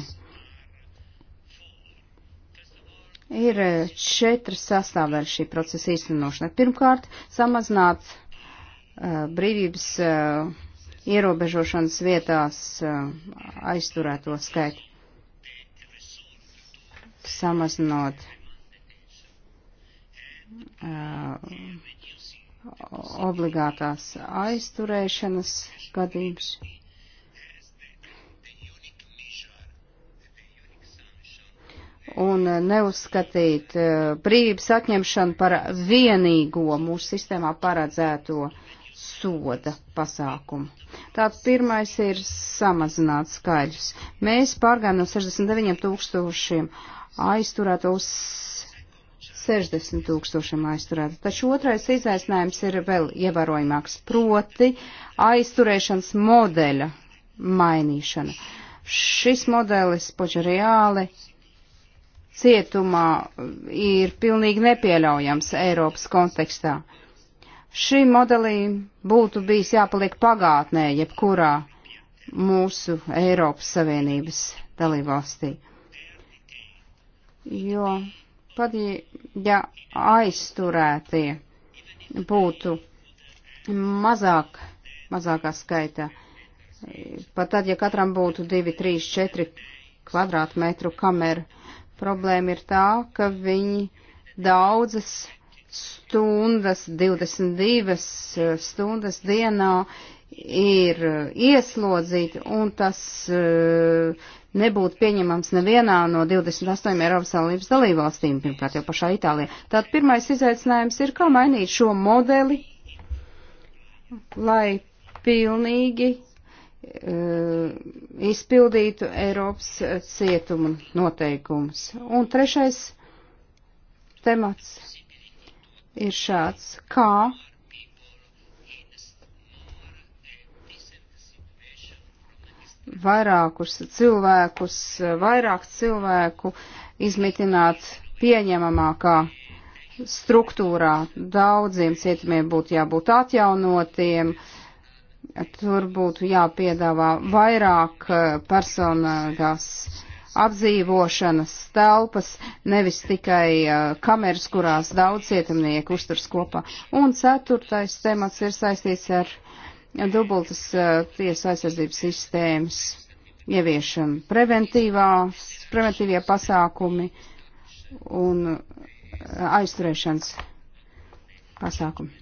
Ir e, četras sastāvdaļas šī procesa īstenošanai. Pirmkārt, samazināt uh, brīvības uh, ierobežošanas vietās uh, aizturēto skaitu. Samazinot Uh, obligātās aizturēšanas gadījums. Un uh, neuzskatīt uh, brīvības atņemšanu par vienīgo mūsu sistēmā paredzēto soda pasākumu. Tāds pirmais ir samazināt skaidrs. Mēs pārgājām no 69 tūkstošiem aizturētos 60 tūkstošiem aizturētu. Taču otrais izaicinājums ir vēl ievērojamāks, proti aizturēšanas modeļa mainīšana. Šis modelis poģeriāli cietumā ir pilnīgi nepieļaujams Eiropas kontekstā. Šim modelim būtu bijis jāpaliek pagātnē jebkurā mūsu Eiropas Savienības dalībvalstī. Jo Pat ja aizturētie būtu mazāk, mazākā skaitā, pat tad, ja katram būtu 2, 3, 4 kvadrātmetru kameru, problēma ir tā, ka viņi daudzas stundas, 22 eh, stundas dienā ir eh, ieslodzīti, un tas uh, nebūtu pieņemams nevienā no 28 Eiropas Savienības dalībvalstīm, pirmkārt jau pašā Itālijā. Tātad pirmais izaicinājums ir, kā mainīt šo modeli, lai pilnīgi uh, izpildītu Eiropas eh, cietumu noteikumus. Un trešais temats ir šāds, kā vairākus cilvēkus, vairāk cilvēku izmitināt pieņemamākā struktūrā. Daudziem cietumiem būtu jābūt atjaunotiem, tur būtu jāpiedāvā vairāk eh, personīgās apdzīvošanas telpas, nevis tikai uh, kameras, kurās daudz cietumnieku uzturs kopā. Un ceturtais temats ir saistīts ar dubultas tiesu aizsardzības sistēmas ieviešana, preventīvie pasākumi un aizturēšanas pasākumi.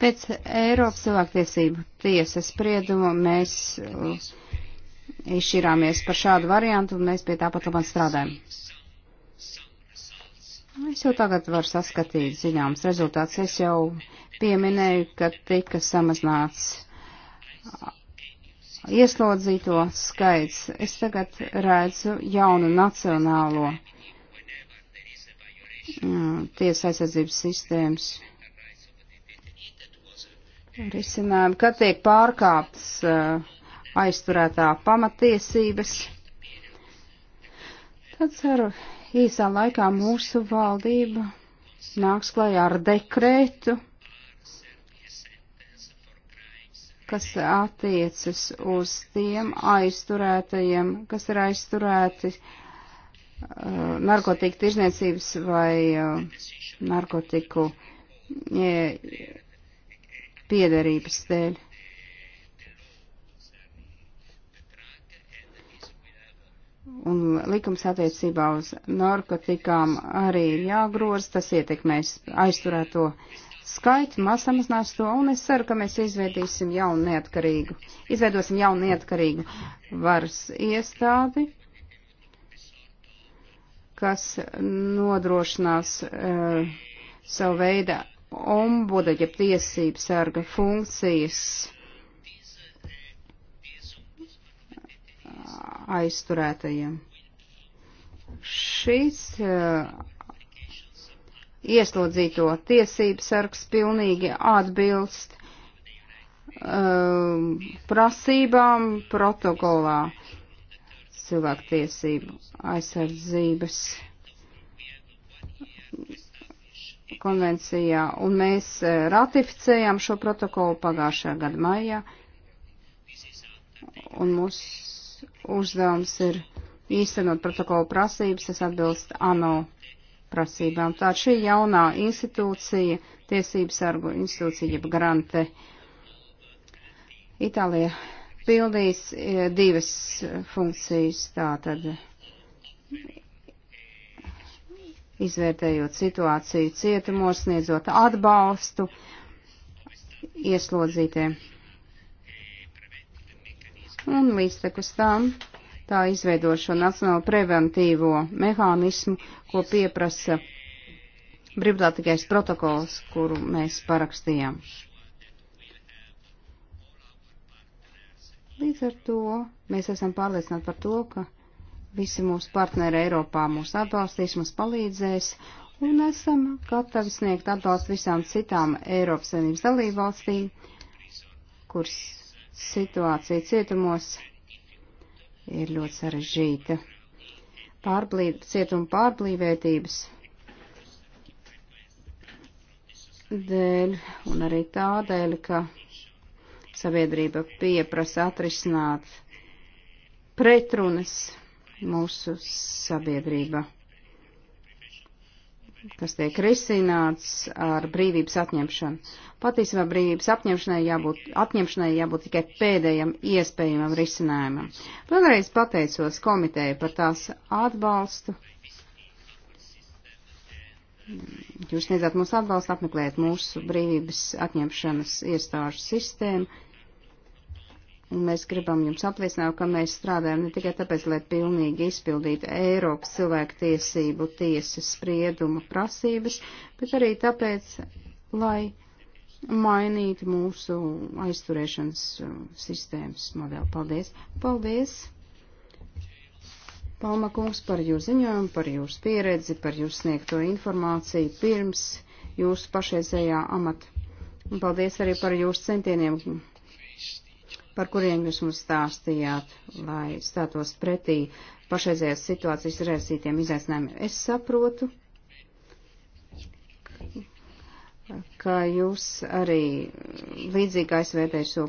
Pēc Eiropas cilvēktiesību tiesas sprieduma mēs izšķirāmies par šādu variantu un mēs pie tā pat labāk strādājam. Es jau tagad varu saskatīt zināmas rezultātus. Es jau pieminēju, ka tika samazināts ieslodzīto skaits. Es tagad redzu jaunu nacionālo tiesa aizsardzības sistēmas risinājumu, kad tiek pārkāptas aizturētā pamatiesības. Tad ceru, īsā laikā mūsu valdība nāks klajā ar dekrētu, kas attiecas uz tiem aizturētajiem, kas ir aizturēti uh, narkotika tirzniecības vai uh, narkotiku uh, piederības dēļ. un likums attiecībā uz narkotikām arī ir jāgroz, tas ietekmēs aizturēto skaitu, masamas to, un es ceru, ka mēs izveidīsim jaunu neatkarīgu, izveidosim jaunu neatkarīgu varas iestādi, kas nodrošinās uh, savu veidu ombuda, ja tiesības sarga funkcijas aizturētajiem. Šis eh, ieslodzīto tiesības sargs pilnīgi atbilst um, prasībām protokolā cilvēktiesību aizsardzības konvencijā, un mēs eh, ratificējām šo protokolu pagājušā gada maijā, un mūsu uzdevums ir īstenot protokolu prasības, tas atbilst ANO prasībām. Tā šī jaunā institūcija, tiesības sargu institūcija, jeb garante Itālija pildīs e, divas funkcijas, tātad izvērtējot situāciju cietumos, sniedzot atbalstu ieslodzītiem Un līdztekus tam tā izveido šo nacionālo preventīvo mehānismu, ko pieprasa brīvprātīgais protokols, kuru mēs parakstījām. Līdz ar to mēs esam pārliecināti par to, ka visi mūsu partneri Eiropā mūs atbalstīs, mums palīdzēs, un esam gatavi sniegt atbalstu visām citām Eiropas Savienības dalībvalstīm, kuras Situācija cietumos ir ļoti sarežģīta. Pārblīv, cietuma pārblīvētības dēļ un arī tādēļ, ka sabiedrība pieprasa atrisināt pretrunas mūsu sabiedrība kas tiek risināts ar brīvības atņemšanu. Patiesībā brīvības atņemšanai jābūt, atņemšanai jābūt tikai pēdējam iespējamam risinājumam. Vēlreiz pateicos komiteju par tās atbalstu. Jūs sniedzat mums atbalstu, apmeklējat mūsu brīvības atņemšanas iestāžu sistēmu. Un mēs gribam jums apliecināt, ka mēs strādājam ne tikai tāpēc, lai pilnīgi izpildītu Eiropas cilvēktiesību tiesas spriedumu prasības, bet arī tāpēc, lai mainītu mūsu aizturēšanas uh, sistēmas modeli. Paldies! Paldies! Palma kungs par jūsu ziņojumu, par jūsu pieredzi, par jūsu sniegto informāciju pirms jūsu pašreizējā amata. Un paldies arī par jūsu centieniem par kuriem jūs mums stāstījāt, lai stātos pretī pašreizējās situācijas izraisītiem izaicinājumiem. Es saprotu, ka jūs arī līdzīgi aizvērtējat šo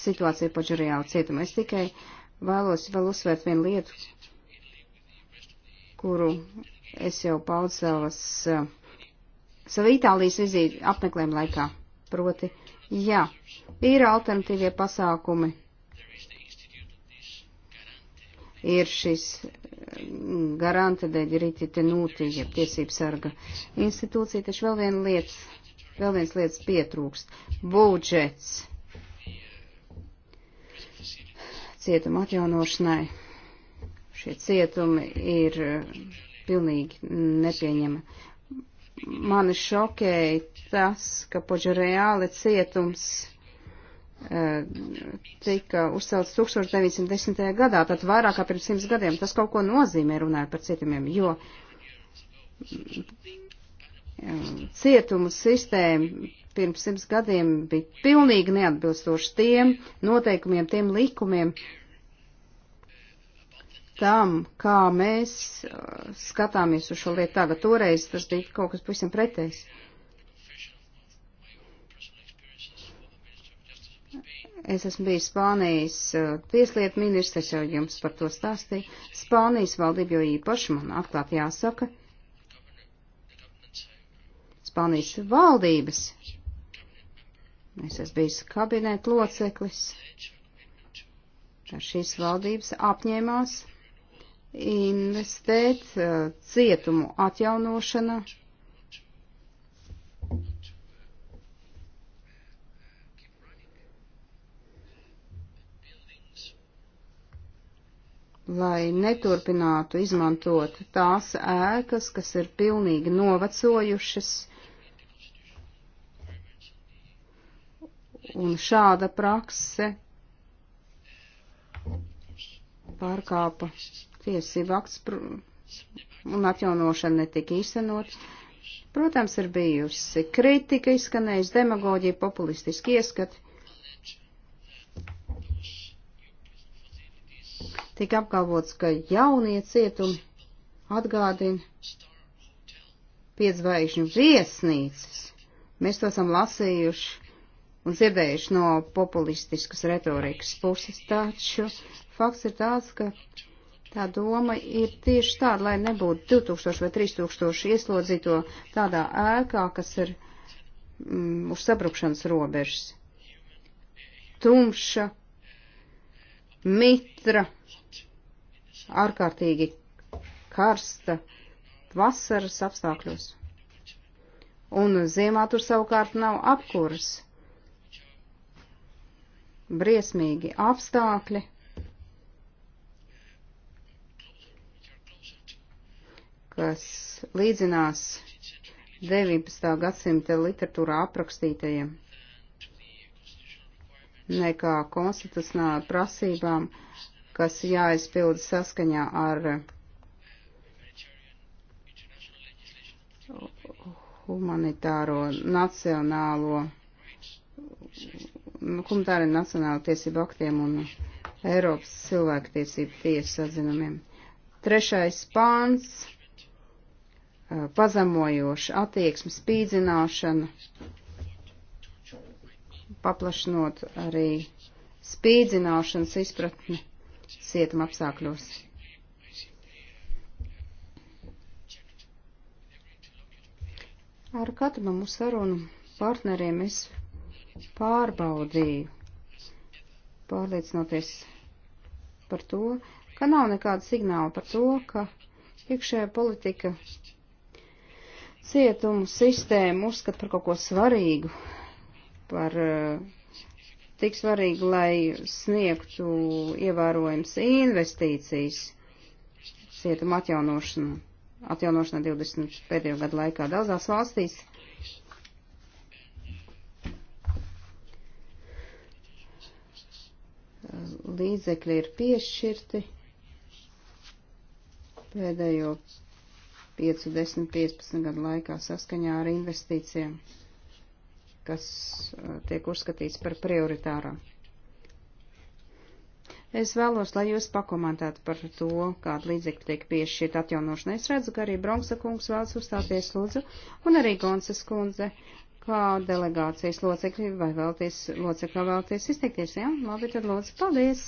situāciju paģerijālu cietumu. Es tikai vēlos vēl uzsvērt vienu lietu, kuru es jau paudu savas, savu Itālijas vizīti apmeklējumu laikā. Proti, uh, Jā, ir alternatīvie pasākumi. Ir šis mm, garante dēļ ritite nūti, ja tiesības sarga institūcija, taču vēl viena lieta, vēl viens lietas pietrūkst. Budžets cietuma atjaunošanai. Šie cietumi ir eh, pilnīgi nepieņemami mani šokēja tas, ka poģu reāli cietums eh, tika uzcelts 1910. gadā, tad vairāk kā pirms simts gadiem. Tas kaut ko nozīmē runājot par cietumiem, jo eh, cietumu sistēma pirms simts gadiem bija pilnīgi neatbilstoši tiem noteikumiem, tiem likumiem, tam, kā mēs uh, skatāmies uz šo lietu tagad. Toreiz tas bija kaut kas pavisam pretējs. Es esmu bijis Spānijas uh, tieslietu ministrs, jau jums par to stāstīju. Spānijas valdība jau īpaši man atklāt jāsaka. Spānijas valdības. Es esmu bijis kabinēt loceklis. Šīs valdības apņēmās investēt uh, cietumu atjaunošana. lai neturpinātu izmantot tās ēkas, kas ir pilnīgi novecojušas. Un šāda prakse pārkāpa tiesību akts un atjaunošana netika īstenot. Protams, ir bijusi kritika, izskanējusi demagoģija, populistiski ieskati. Tika apgalvots, ka jaunie cietumi atgādina piedzvaigžņu viesnīcas. Mēs to esam lasījuši un dzirdējuši no populistiskas retorikas puses, taču fakts ir tāds, ka Tā doma ir tieši tāda, lai nebūtu 2000 vai 3000 ieslodzīto tādā ēkā, kas ir mm, uz sabrukšanas robežas. Tumša, mitra, ārkārtīgi karsta vasaras apstākļos. Un ziemā tur savukārt nav apkurs. Briesmīgi apstākļi kas līdzinās 19. gadsimta literatūrā aprakstītajiem nekā konstitucionāla prasībām, kas jāizpilda saskaņā ar humanitāro nacionālo, humanitāro nacionālo tiesību aktiem un Eiropas cilvēktiesību tiesas atzinumiem. Trešais pāns Uh, pazemojoša attieksme, spīdzināšana, paplašinot arī spīdzināšanas izpratni cietuma apstākļos. Ar katru no mūsu sarunu partneriem es pārbaudīju, pārliecinoties par to, ka nav nekāda signāla par to, ka iekšējā politika cietumu sistēmu uzskata par kaut ko svarīgu, par eh, tik svarīgu, lai sniegtu ievērojams investīcijas cietuma atjaunošanu, atjaunošana 20 pēdējo gadu laikā daudzās valstīs. Līdzekļi ir piešķirti pēdējo 5, 10, 15 gadu laikā saskaņā ar investīcijām, kas uh, tiek uzskatīts par prioritāram. Es vēlos, lai jūs pakomentētu par to, kāda līdzekļa tiek piešķirt atjaunošanai. Es redzu, ka arī Bronksa kungs vēlas uzstāties lūdzu, un arī Gonsas kundze, kā delegācijas locekļi vai vēlties, locekļi vēlties izteikties, jā? Ja? Labi, tad lūdzu, paldies!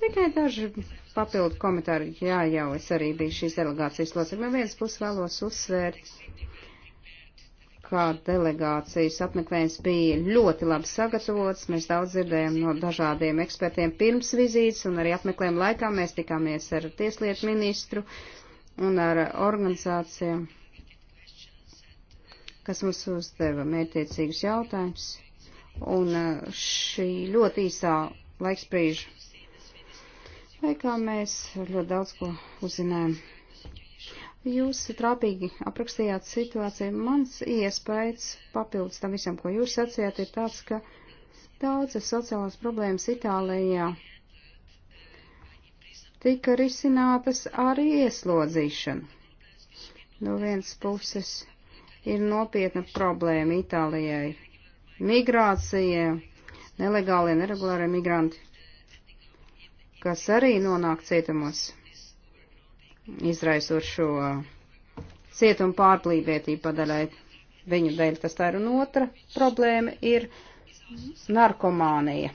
Tikai daži papildu komentāri. Jā, jau es arī biju šīs delegācijas locekļi. Man viens puses vēlos uzsvērt, kā delegācijas apmeklējums bija ļoti labi sagatavots. Mēs daudz dzirdējām no dažādiem ekspertiem pirms vizītes un arī apmeklējuma laikā mēs tikāmies ar tieslietu ministru un ar organizācijām, kas mums uzdeva mērķiecīgus jautājumus. Un šī ļoti īsā laiksprīža laikā mēs ļoti daudz ko uzzinājām. Jūs trāpīgi aprakstījāt situāciju. Mans iespējas papildus tam visam, ko jūs sacījāt, ir tāds, ka daudzas sociālās problēmas Itālijā tika risinātas ar ieslodzīšanu. No vienas puses ir nopietna problēma Itālijai - migrācija, nelegālie, neregulārie migranti kas arī nonāk cietumos, izraisot šo cietumu pārplīvietību padaļai viņu dēļ, tas tā ir un otra problēma ir narkomānija.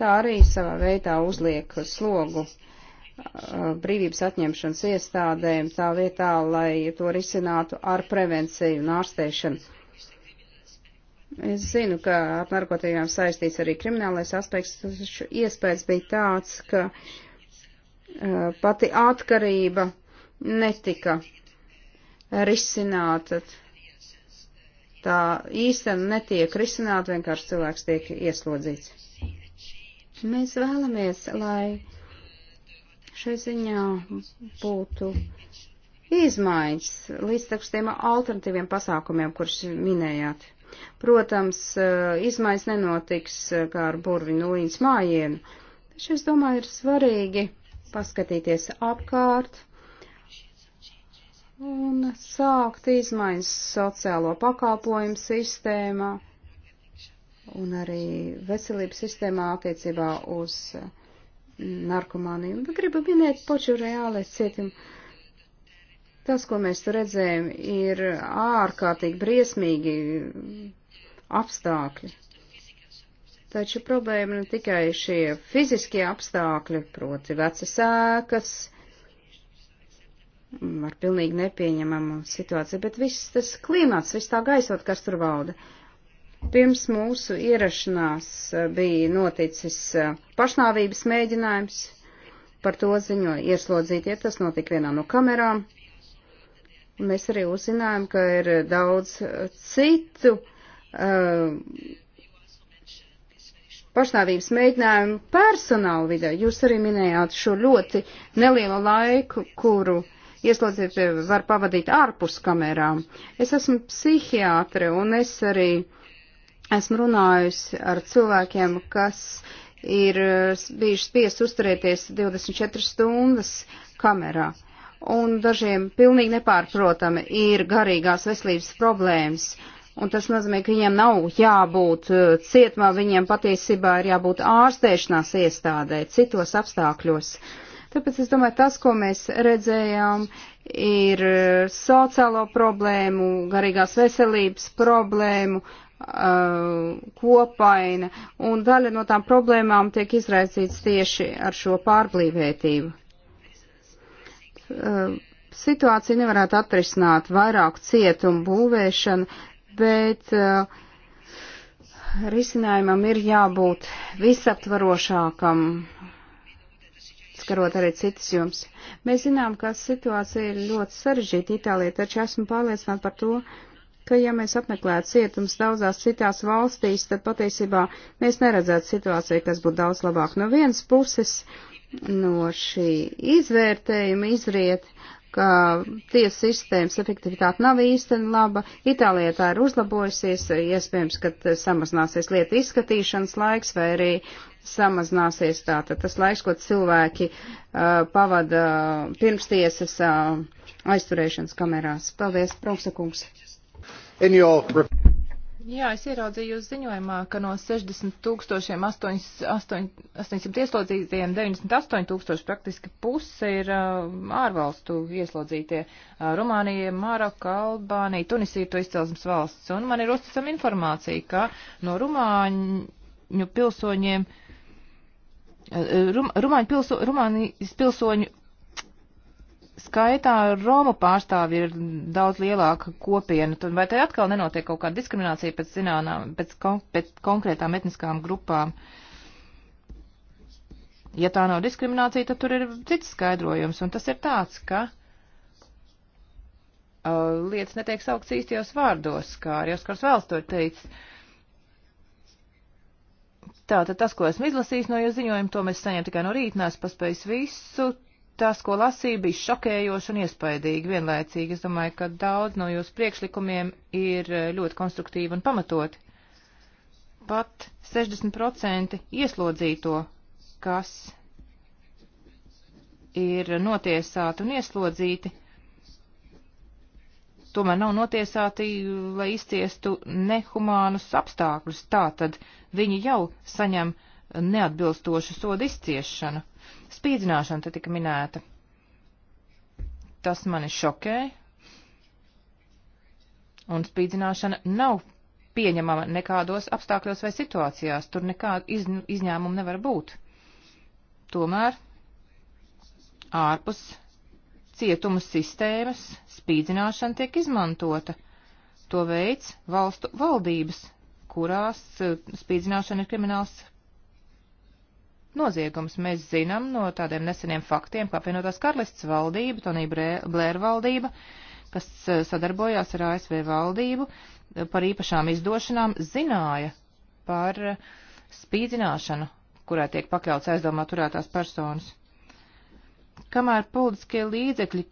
Tā arī savā veidā uzliek slogu uh, brīvības atņemšanas iestādēm tā vietā, lai to risinātu ar prevenciju un ārstēšanu. Es zinu, ka ar narkotikām saistīts arī kriminālais aspekts, taču iespējas bija tāds, ka uh, pati atkarība netika risināta. Tā īsten netiek risināta, vienkārši cilvēks tiek ieslodzīts. Mēs vēlamies, lai šai ziņā būtu izmaiņas līdz tekstiem alternatīviem pasākumiem, kurus minējāt. Protams, eh, izmaiņas nenotiks eh, kā ar burvinu līdz mājienu, taču es domāju, ir svarīgi paskatīties apkārt un sākt izmaiņas sociālo pakalpojumu sistēmā un arī veselības sistēmā attiecībā uz eh, narkomāniju. Gribu minēt poču reālais cietumu Tas, ko mēs tur redzējām, ir ārkārtīgi briesmīgi apstākļi. Taču problēma ne tikai šie fiziskie apstākļi, proti vecas ēkas, ar pilnīgi nepieņemamu situāciju, bet viss tas klimats, viss tā gaisot, kas tur valda. Pirms mūsu ierašanās eh, bija noticis eh, pašnāvības mēģinājums, par to ziņo ieslodzītie, tas notika vienā no kamerām. Mēs arī uzzinājām, ka ir daudz uh, citu uh, pašnāvības mēģinājumu personāla vidē. Jūs arī minējāt šo ļoti nelielo laiku, kuru ieslodzītie var pavadīt ārpus kamerām. Es esmu psihiatre un es arī esmu runājusi ar cilvēkiem, kas ir uh, bijuši spiest uzturēties 24 stundas kamerā. Uh, un dažiem pilnīgi nepārprotami ir garīgās veselības problēmas. Un tas nozīmē, ka viņiem nav jābūt eh, cietumā, viņiem patiesībā ir jābūt ārstēšanās iestādē, citos apstākļos. Tāpēc es domāju, tas, ko mēs redzējām, ir eh, sociālo problēmu, garīgās veselības problēmu, eh, kopaina, un daļa no tām problēmām tiek izraisīts tieši ar šo pārblīvētību. Eh, situācija nevarētu atrisināt vairāk cietumu būvēšanu, bet uh, risinājumam ir jābūt visaptvarošākam, skarot arī citas jums. Mēs zinām, ka situācija ir ļoti sarežģīta Itālijā, taču esmu pārliecināta par to, ka ja mēs apmeklētu cietums daudzās citās valstīs, tad patiesībā mēs neredzētu situāciju, kas būtu daudz labāk. No vienas puses, uh, No šī izvērtējuma izriet, ka tiesa sistēmas efektivitāte nav īsten laba. Itālijā tā ir uzlabojusies, iespējams, ka samazināsies lietu izskatīšanas laiks vai arī samazināsies tātad tas laiks, ko cilvēki uh, pavada pirmstiesas uh, aizturēšanas kamerās. Paldies, Proksakungs! Your... Jā, es ieraudzīju jūs ziņojumā, ka no 60 tūkstošiem 800 ieslodzītiem 98 tūkstoši praktiski puse ir uh, ārvalstu ieslodzītie. Uh, Rumānija, Maroka, Albānija, Tunisija ir to izcelsmes valsts. Un man ir uzticama informācija, ka no rumāņu pilsoņiem, uh, rum, rumāņu pilso, rumānijas pilsoņu skaitā Romu pārstāvji ir daudz lielāka kopiena, tad vai te atkal nenotiek kaut kāda diskriminācija pēc, zinānām, pēc, kon pēc konkrētām etniskām grupām? Ja tā nav diskriminācija, tad tur ir cits skaidrojums, un tas ir tāds, ka uh, lietas netiek saukts īstajos vārdos, kā arī Oskars Vēls to ir teicis. Tātad tas, ko esmu izlasījis no jūsu ziņojuma, to mēs saņem tikai no rītnēs, paspējis visu, tas, ko lasīju, bija šokējoši un iespaidīgi vienlaicīgi. Es domāju, ka daudz no jūsu priekšlikumiem ir eh, ļoti konstruktīvi un pamatoti. Pat 60% ieslodzīto, kas ir notiesāti un ieslodzīti, tomēr nav notiesāti, lai izciestu nehumānus apstākļus. Tātad viņi jau saņem neatbilstošu sodu izciešanu. Spīdzināšana te tika minēta. Tas mani šokē. Un spīdzināšana nav pieņemama nekādos apstākļos vai situācijās. Tur nekāda iz, izņēmuma nevar būt. Tomēr ārpus cietuma sistēmas spīdzināšana tiek izmantota. To veids valstu valdības, kurās eh, spīdzināšana ir krimināls noziegums. Mēs zinām no tādiem neseniem faktiem, ka apvienotās karalists valdība, Tonija Blēra valdība, kas eh, sadarbojās ar ASV valdību eh, par īpašām izdošanām, zināja par eh, spīdzināšanu, kurā tiek pakļauts aizdomā turētās personas kamēr politiskie līdzekļi,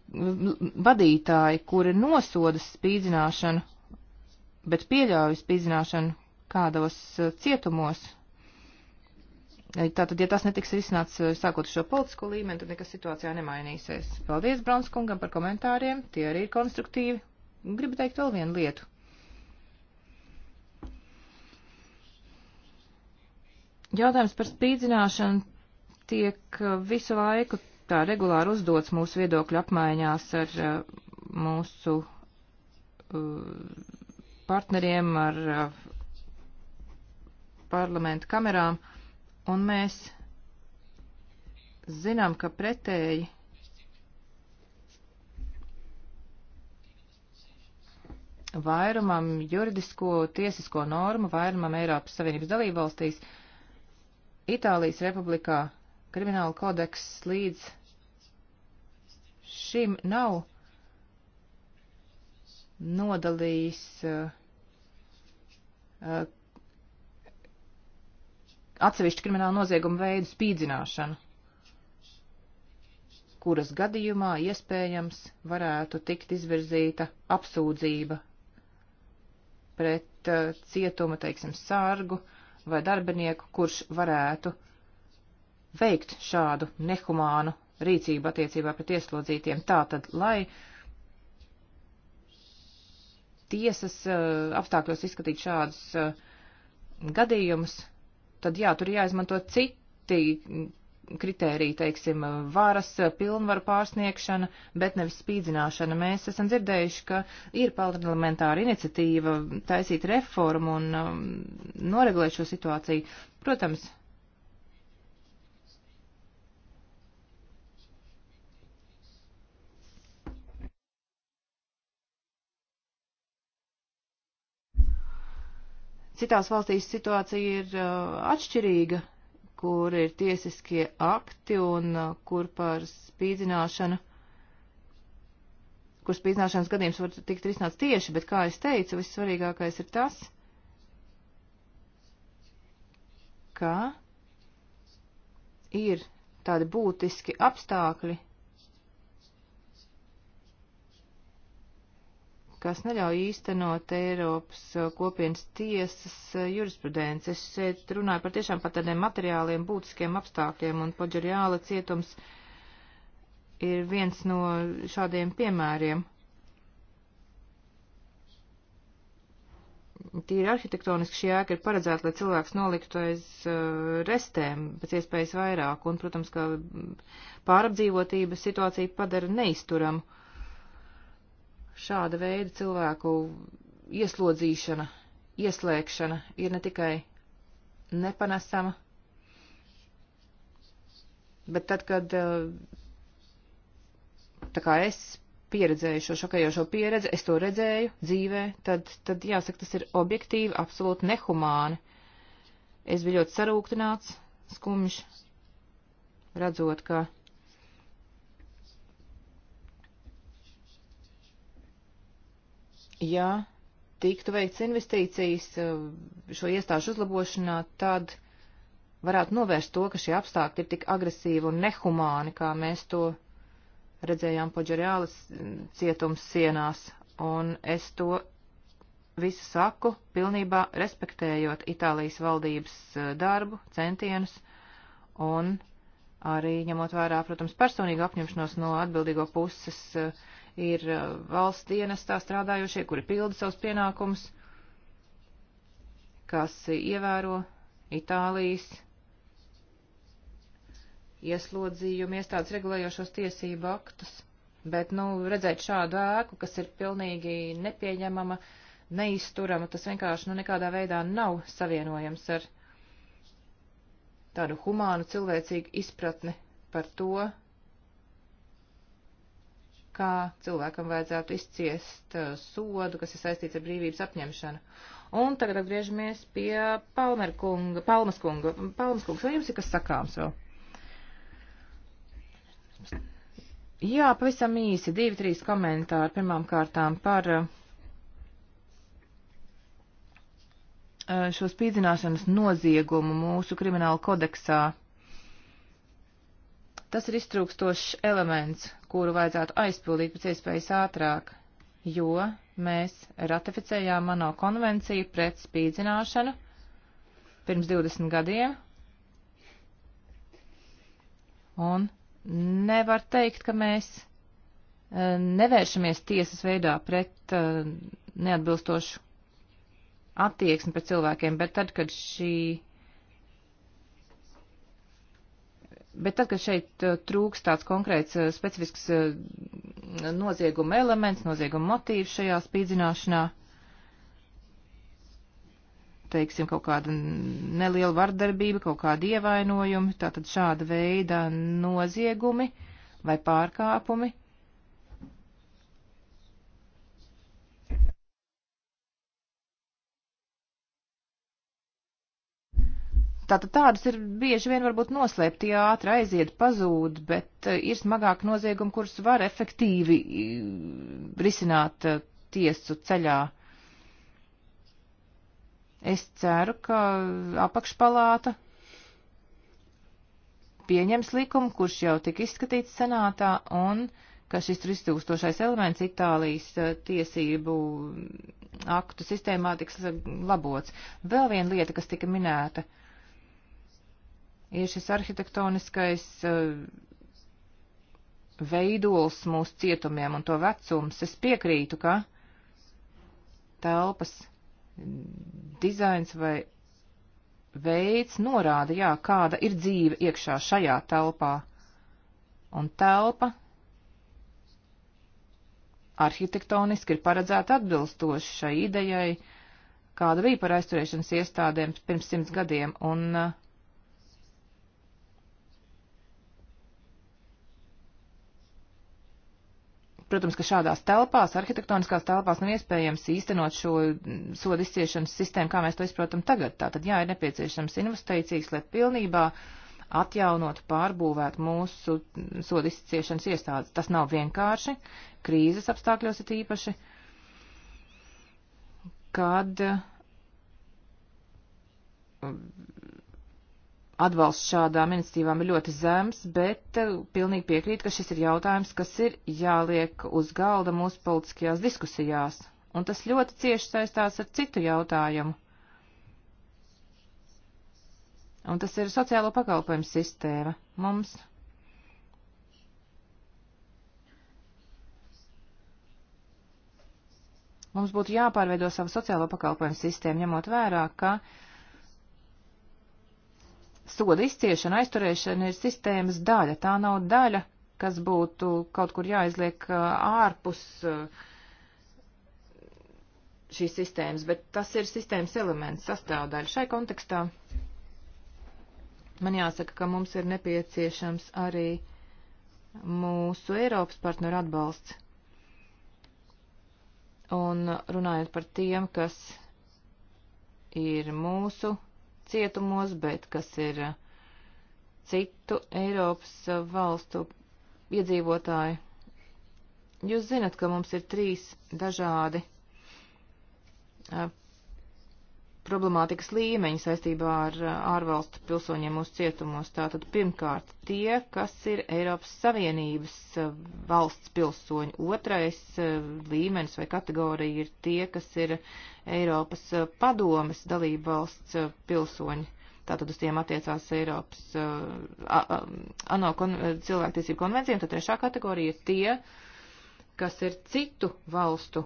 vadītāji, kuri nosoda spīdzināšanu, bet pieļauj spīdzināšanu kādos cietumos, Tātad, ja tas netiks risināts eh, sākot šo politisko līmeni, tad nekas situācijā nemainīsies. Paldies Bronskungam par komentāriem, tie arī ir konstruktīvi. Gribu teikt vēl vienu lietu. Jautājums par spīdzināšanu tiek eh, visu laiku tā regulāri uzdots mūsu viedokļu apmaiņās ar eh, mūsu partneriem, ar parlamentu kamerām. Un mēs zinām, ka pretēji vairumam juridisko tiesisko normu, vairumam Eiropas Savienības dalībvalstīs, Itālijas republikā krimināla kodeks līdz šim nav nodalījis uh, uh, atsevišķu kriminālu noziegumu veidu spīdzināšanu, kuras gadījumā iespējams varētu tikt izvirzīta apsūdzība pret uh, cietuma, teiksim, sārgu vai darbinieku, kurš varētu veikt šādu nehumānu rīcību attiecībā pret ieslodzītiem. Tātad, lai tiesas uh, apstākļos izskatīt šādus uh, gadījumus, tad jā, tur jāizmanto citi kritēriji, teiksim, varas, pilnvaru pārsniegšana, bet nevis spīdzināšana. Mēs esam dzirdējuši, ka ir parlamentāra iniciatīva taisīt reformu un um, noregulēt šo situāciju. Protams, Citās valstīs situācija ir uh, atšķirīga, kur ir tiesiskie akti un uh, kur par spīdzināšanu, kur spīdzināšanas gadījums var tikt risināts tieši, bet, kā es teicu, vissvarīgākais ir tas, ka ir tādi būtiski apstākļi, kas neļauj īstenot Eiropas uh, kopienas tiesas uh, jurisprudenci. Es šeit runāju par tiešām par tādiem materiāliem, būtiskiem apstākļiem, un Poģeriāla cietums ir viens no šādiem piemēriem. Tīri arhitektoniski šī ēka ir paredzēta, lai cilvēks noliktu aiz uh, restēm pēc iespējas vairāk, un, protams, ka mm, pārapdzīvotība situācija padara neizturamu šāda veida cilvēku ieslodzīšana, ieslēgšana ir ne tikai nepanesama, bet tad, kad eh, tā kā es pieredzēju šo šokējošo pieredzi, es to redzēju dzīvē, tad, tad jāsaka, tas ir objektīvi, absolūti nehumāni. Es biju ļoti sarūktināts, skumjš, redzot, ka ja tiktu veikts investīcijas eh, šo iestāžu uzlabošanā, tad varētu novērst to, ka šie apstākļi ir tik agresīvi un nehumāni, kā mēs to redzējām Poģerālas mm, cietums sienās. Un es to visu saku, pilnībā respektējot Itālijas valdības eh, darbu, centienus un arī ņemot vērā, protams, personīgu apņemšanos no atbildīgo puses uh, ir uh, valsts dienestā strādājošie, kuri pilda savus pienākumus, kas ievēro Itālijas ieslodzījumu iestādes regulējošos tiesību aktus. Bet, nu, redzēt šādu ēku, kas ir pilnīgi nepieņemama, neizturama, tas vienkārši, nu, nekādā veidā nav savienojams ar tādu humānu cilvēcīgu izpratni par to, ka cilvēkam vajadzētu izciest uh, sodu, kas ir saistīts ar brīvības apņemšanu. Un tagad atgriežamies pie Palmer kunga, Palmas kunga. Palmas kungs, vai jums ir kas sakāms vēl? Jā, pavisam īsi, divi, trīs komentāri pirmām kārtām par uh, uh, šo spīdzināšanas noziegumu mūsu krimināla kodeksā. Tas ir iztrūkstošs elements, kuru vajadzētu aizpildīt pēc iespējas ātrāk, jo mēs ratificējām ANO konvenciju pret spīdzināšanu pirms 20 gadiem, un nevar teikt, ka mēs e, nevēršamies tiesas veidā pret e, neatbilstošu attieksmi pret cilvēkiem, bet tad, kad šī Bet tad, kad šeit eh, trūks tāds konkrēts eh, specifisks eh, nozieguma elements, nozieguma motīvs šajā spīdzināšanā, teiksim, kaut kāda neliela vardarbība, kaut kāda ievainojumi, tātad šāda veida noziegumi vai pārkāpumi Tātad tādas ir bieži vien varbūt noslēpti, ātri aiziet, pazūd, bet eh, ir smagāk noziegumi, kurus var efektīvi eh, risināt eh, tiesu ceļā. Es ceru, ka apakšpalāta pieņems likumu, kurš jau tika izskatīts senātā, un ka šis 3000 elements Itālijas tiesību aktu sistēmā tiks labots. Vēl viena lieta, kas tika minēta. Uh, ir šis arhitektoniskais eh, veidols mūsu cietumiem un to vecums. Es piekrītu, ka telpas mm, dizains vai veids norāda, jā, kāda ir dzīve iekšā šajā telpā. Un telpa arhitektoniski ir paredzēta atbilstoši šai idejai, kāda bija par aizturēšanas iestādēm pirms simts gadiem, un uh, Protams, ka šādās telpās, arhitektoniskās telpās nav iespējams īstenot šo sodu izciešanas sistēmu, kā mēs to izprotam tagad. Tātad, jā, ir nepieciešams investīcijas, lai pilnībā atjaunot, pārbūvēt mūsu sodu izciešanas iestādes. Tas nav vienkārši, krīzes apstākļos ir īpaši, kad atbalsts šādām iniciatīvām ir ļoti zems, bet eh, pilnīgi piekrīt, ka šis ir jautājums, kas ir jāliek uz galda mūsu politiskajās diskusijās. Un tas ļoti cieši saistās ar citu jautājumu. Un tas ir sociālo pakalpojumu sistēma. Mums Mums būtu jāpārveido savu sociālo pakalpojumu sistēmu, ņemot vērā, ka uh, soda izciešana, aizturēšana ir sistēmas daļa. Tā nav daļa, kas būtu kaut kur jāizliek uh, ārpus uh, šīs sistēmas, bet tas ir sistēmas elements, sastāvdaļa. Šai kontekstā man jāsaka, ka mums ir nepieciešams arī mūsu Eiropas partneru atbalsts. Un runājot par tiem, kas ir mūsu cietumos, bet kas ir eh, citu Eiropas eh, valstu iedzīvotāji. Jūs zinat, ka mums ir trīs dažādi eh, problemātikas līmeņi saistībā ar uh, ārvalstu pilsoņiem mūsu cietumos. Tātad pirmkārt tie, kas ir Eiropas Savienības uh, valsts pilsoņi. Otrais uh, līmenis vai kategorija ir tie, kas ir Eiropas padomes dalība valsts pilsoņi. Tātad uz tiem attiecās Eiropas a, a, ANO kon, cilvēktiesību konvencijiem. Tad trešā kategorija ir tie, kas ir citu valstu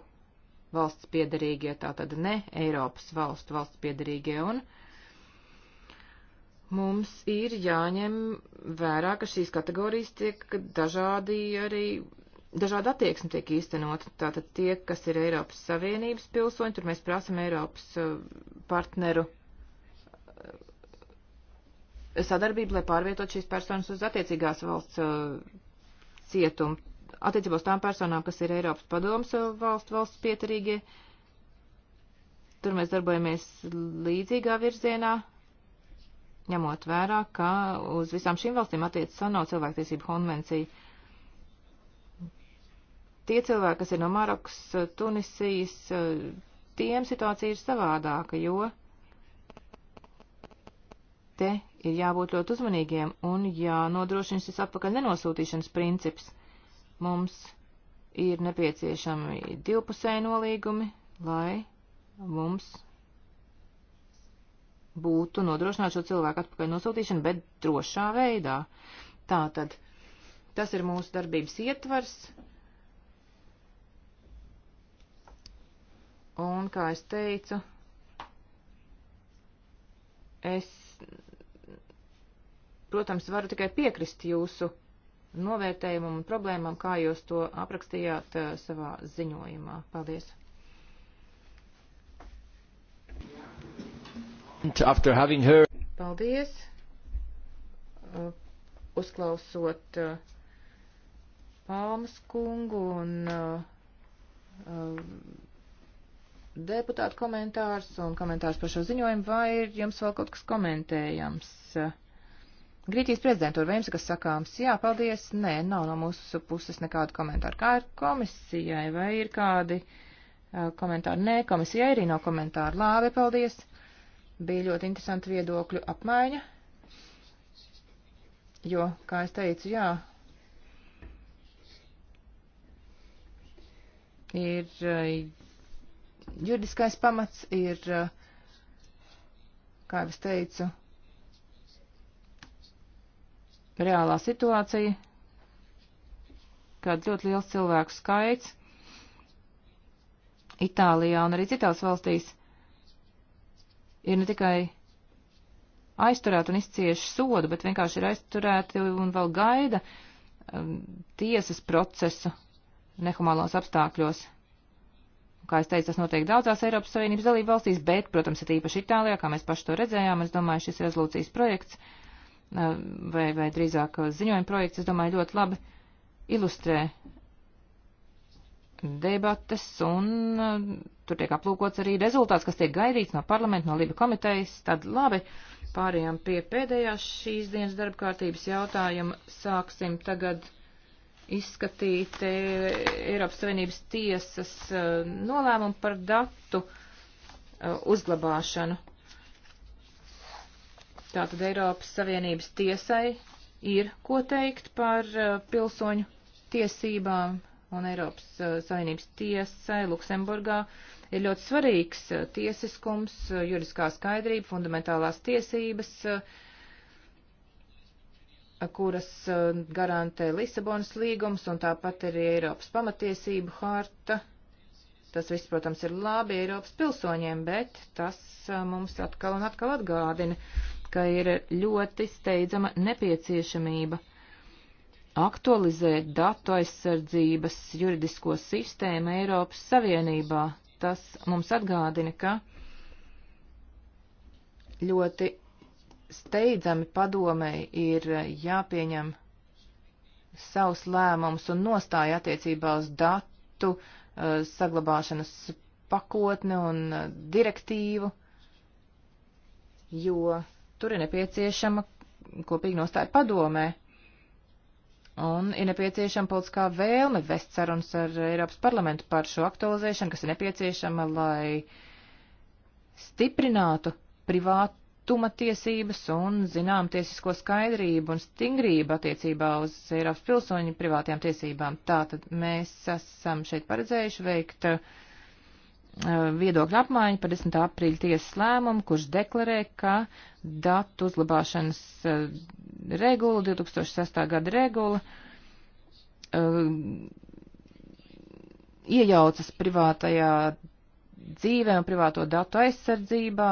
valsts piedarīgie, tātad ne Eiropas valstu valsts piedarīgie, un mums ir jāņem vērā, ka šīs kategorijas tiek dažādi arī, dažādi attieksmi tiek īstenot. Tātad tie, kas ir Eiropas Savienības pilsoņi, tur mēs prasam Eiropas uh, partneru uh, sadarbību, lai pārvietot šīs personas uz attiecīgās valsts uh, cietumu attiecībā uz tām personām, kas ir Eiropas padomas valstu valsts pieturīgie. Tur mēs darbojamies līdzīgā virzienā, ņemot vērā, ka uz visām šīm valstīm attiecas ANO cilvēktiesību konvencija. Tie cilvēki, kas ir no Marokas, Tunisijas, tiem situācija ir savādāka, jo te ir jābūt ļoti uzmanīgiem un jānodrošina šis atpakaļ nenosūtīšanas princips. Mums ir nepieciešami divpusēji nolīgumi, lai mums būtu nodrošināt šo cilvēku atpakaļ nosūtīšanu, bet drošā veidā. Tātad, tas ir mūsu darbības ietvars. Un, kā es teicu, es, protams, varu tikai piekrist jūsu novērtējumam un problēmām, kā jūs to aprakstījāt eh, savā ziņojumā. Paldies! Her... Paldies! Eh, uzklausot eh, Palmas kungu un deputātu komentārs un komentārs par šo ziņojumu, vai ir jums vēl kaut kas komentējams? Uh, Grieķijas prezidentūra viens, kas sakāms, jā, paldies, nē, nav no mūsu puses nekādu komentāru. Kā ir komisijai, vai ir kādi uh, komentāri? Nē, komisijai arī nav no komentāru. Labi, paldies. Bija ļoti interesanti viedokļu apmaiņa, jo, kā es teicu, jā, ir juridiskais pamats, ir, kā jau es teicu, reālā situācija, kad ļoti liels cilvēku skaits Itālijā un arī citās valstīs ir ne tikai aizturēti un izcieši sodu, bet vienkārši ir aizturēti un vēl gaida um, tiesas procesu nehumālos apstākļos. Kā es teicu, tas notiek daudzās Eiropas Savienības dalību valstīs, bet, protams, ir īpaši Itālijā, kā mēs paši to redzējām, es domāju, šis rezolūcijas projekts uh, vai, vai drīzāk ziņojuma projekts, es domāju, ļoti labi ilustrē debates un uh, tur tiek aplūkots arī rezultāts, kas tiek gaidīts no parlamenta, no Liba komitejas. Tad labi, pārējām pie pēdējās šīs dienas darba kārtības jautājuma. Sāksim tagad izskatīt e, Eiropas Savienības tiesas e, nolēmumu par datu e, uzglabāšanu. Tātad Eiropas Savienības tiesai ir ko teikt par uh, pilsoņu tiesībām, un Eiropas uh, Savienības tiesai Luksemburgā ir ļoti svarīgs uh, tiesiskums, uh, juridiskā skaidrība, fundamentālās tiesības, uh, kuras uh, garantē Lisabonas līgums, un tāpat arī Eiropas pamatiesību harta. Tas viss, protams, ir labi Eiropas pilsoņiem, bet tas mums atkal un atkal atgādina ka ir ļoti steidzama nepieciešamība aktualizēt datu aizsardzības juridisko sistēmu Eiropas Savienībā. Tas mums atgādina, ka ļoti steidzami padomei ir jāpieņem savs lēmums un nostāja attiecībā uz datu uh, saglabāšanas pakotni un uh, direktīvu, jo tur ir nepieciešama kopīga nostāja padomē. Un ir nepieciešama politiskā vēlme vest sarunas ar Eiropas parlamentu par šo aktualizēšanu, kas ir nepieciešama, lai stiprinātu privātuma tiesības un zinām tiesisko skaidrību un stingrību attiecībā uz Eiropas pilsoņu privātajām tiesībām. Tātad mēs esam šeit paredzējuši veikt uh, Uh, viedokļu apmaiņu par 10. aprīļa tiesas lēmumu, kurš deklarē, ka datu uzglabāšanas uh, regula, 2006. gada regula, uh, iejaucas privātajā dzīvē un privāto datu aizsardzībā,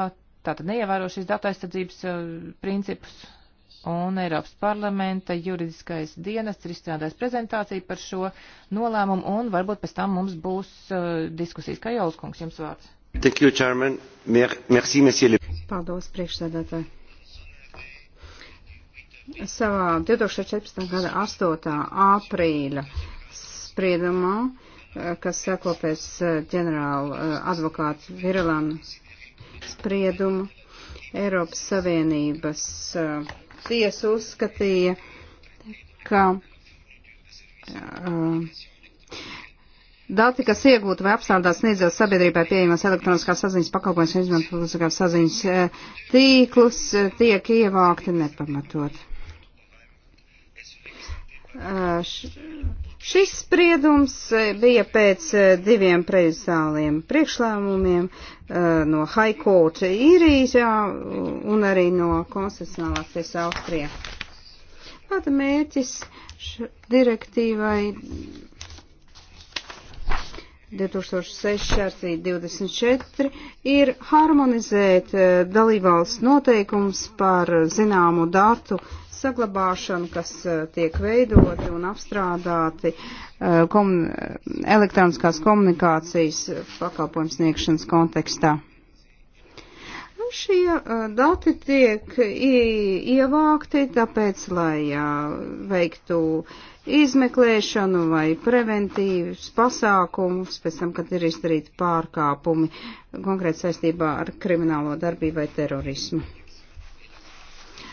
tātad neievēro šīs datu aizsardzības principus un Eiropas parlamenta juridiskais dienests ir izstrādājis prezentāciju par šo nolēmumu, un varbūt pēc tam mums būs uh, diskusijas. Kā Jolas kungs, jums vārds? Thank you, Chairman. Mer merci, monsieur. Paldos, priekšsēdētāji. Savā 2014. gada 8. aprīļa spriedumā, uh, kas seko pēc uh, ģenerāla uh, advokāta Virelana spriedumu, Eiropas Savienības uh, tiesa uzskatīja, ka uh, dati, kas iegūti vai apstrādāti sniedzot sabiedrībai pieejamās elektroniskās saziņas pakalpojumus un izmantot saziņas uh, tīklus, uh, tiek ievākti nepamatot. Uh, š, Šis spriedums eh, bija pēc eh, diviem preizsāliem priekšlēmumiem eh, no High Court īrīžā un arī no konstitucionālās tiesa Austrijā. Tāda mērķis direktīvai 2006.24 ir harmonizēt dalībvalsts noteikums par zināmu datu uh, saglabāšanu, kas eh, tiek veidoti un apstrādāti eh, komun elektroniskās komunikācijas pakalpojums sniegšanas kontekstā. Šie eh, dati tiek ievākti tāpēc, lai veiktu izmeklēšanu vai preventīvas pasākumus pēc tam, kad ir izdarīti pārkāpumi konkrēt saistībā ar kriminālo darbību vai terorismu.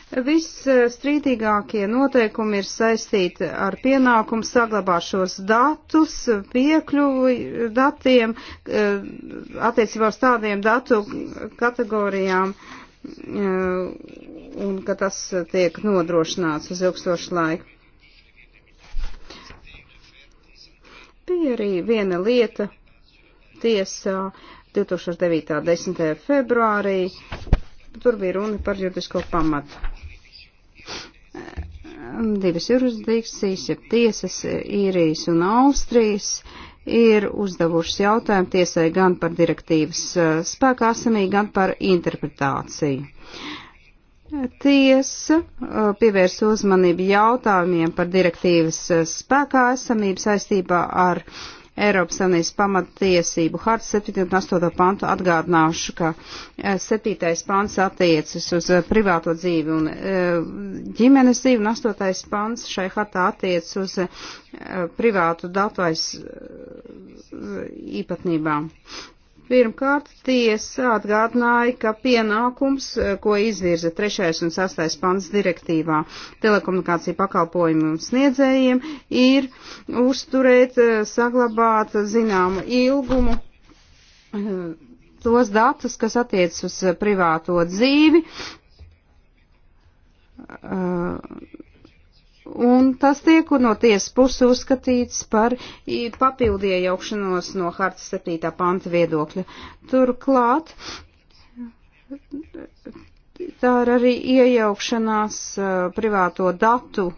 Visstrīdīgākie noteikumi ir saistīti ar pienākumu saglabāt šos datus, piekļuvi datiem, eh, attiecībā uz tādiem datu kategorijām, eh, un ka tas tiek nodrošināts uz ilgstošu laiku. Bija arī viena lieta tiesā 2009. 10. februārī. Tur bija runa par juridisko pamatu divas jurisdikcijas, ja tiesas e, īrijas un Austrijas ir uzdevušas jautājumu tiesai gan par direktīvas e, spēkā esamību, gan par interpretāciju. Tiesa e, pievērs uzmanību jautājumiem par direktīvas spēkā esamību saistībā ar uh, Eiropas Savienības pamatiesību hartas 7. un 8. pantu atgādināšu, ka 7. Eh, pants attiecas uz eh, privāto dzīvi un eh, ģimenes dzīvi, un 8. pants šai hartā attiecas uz privātu datu aiz īpatnībām. Pirmkārt, tiesa atgādināja, ka pienākums, eh, ko izvirza 3. un 6. pants direktīvā telekomunikāciju pakalpojumu sniedzējiem, ir uzturēt, eh, saglabāt zināmu ilgumu eh, tos datus, kas attiec uz privāto dzīvi, un tas tiek no tiesas puses uzskatīts par papildiejaukšanos no hartas 7. panta viedokļa. Turklāt tā ir arī iejaukšanās privāto datu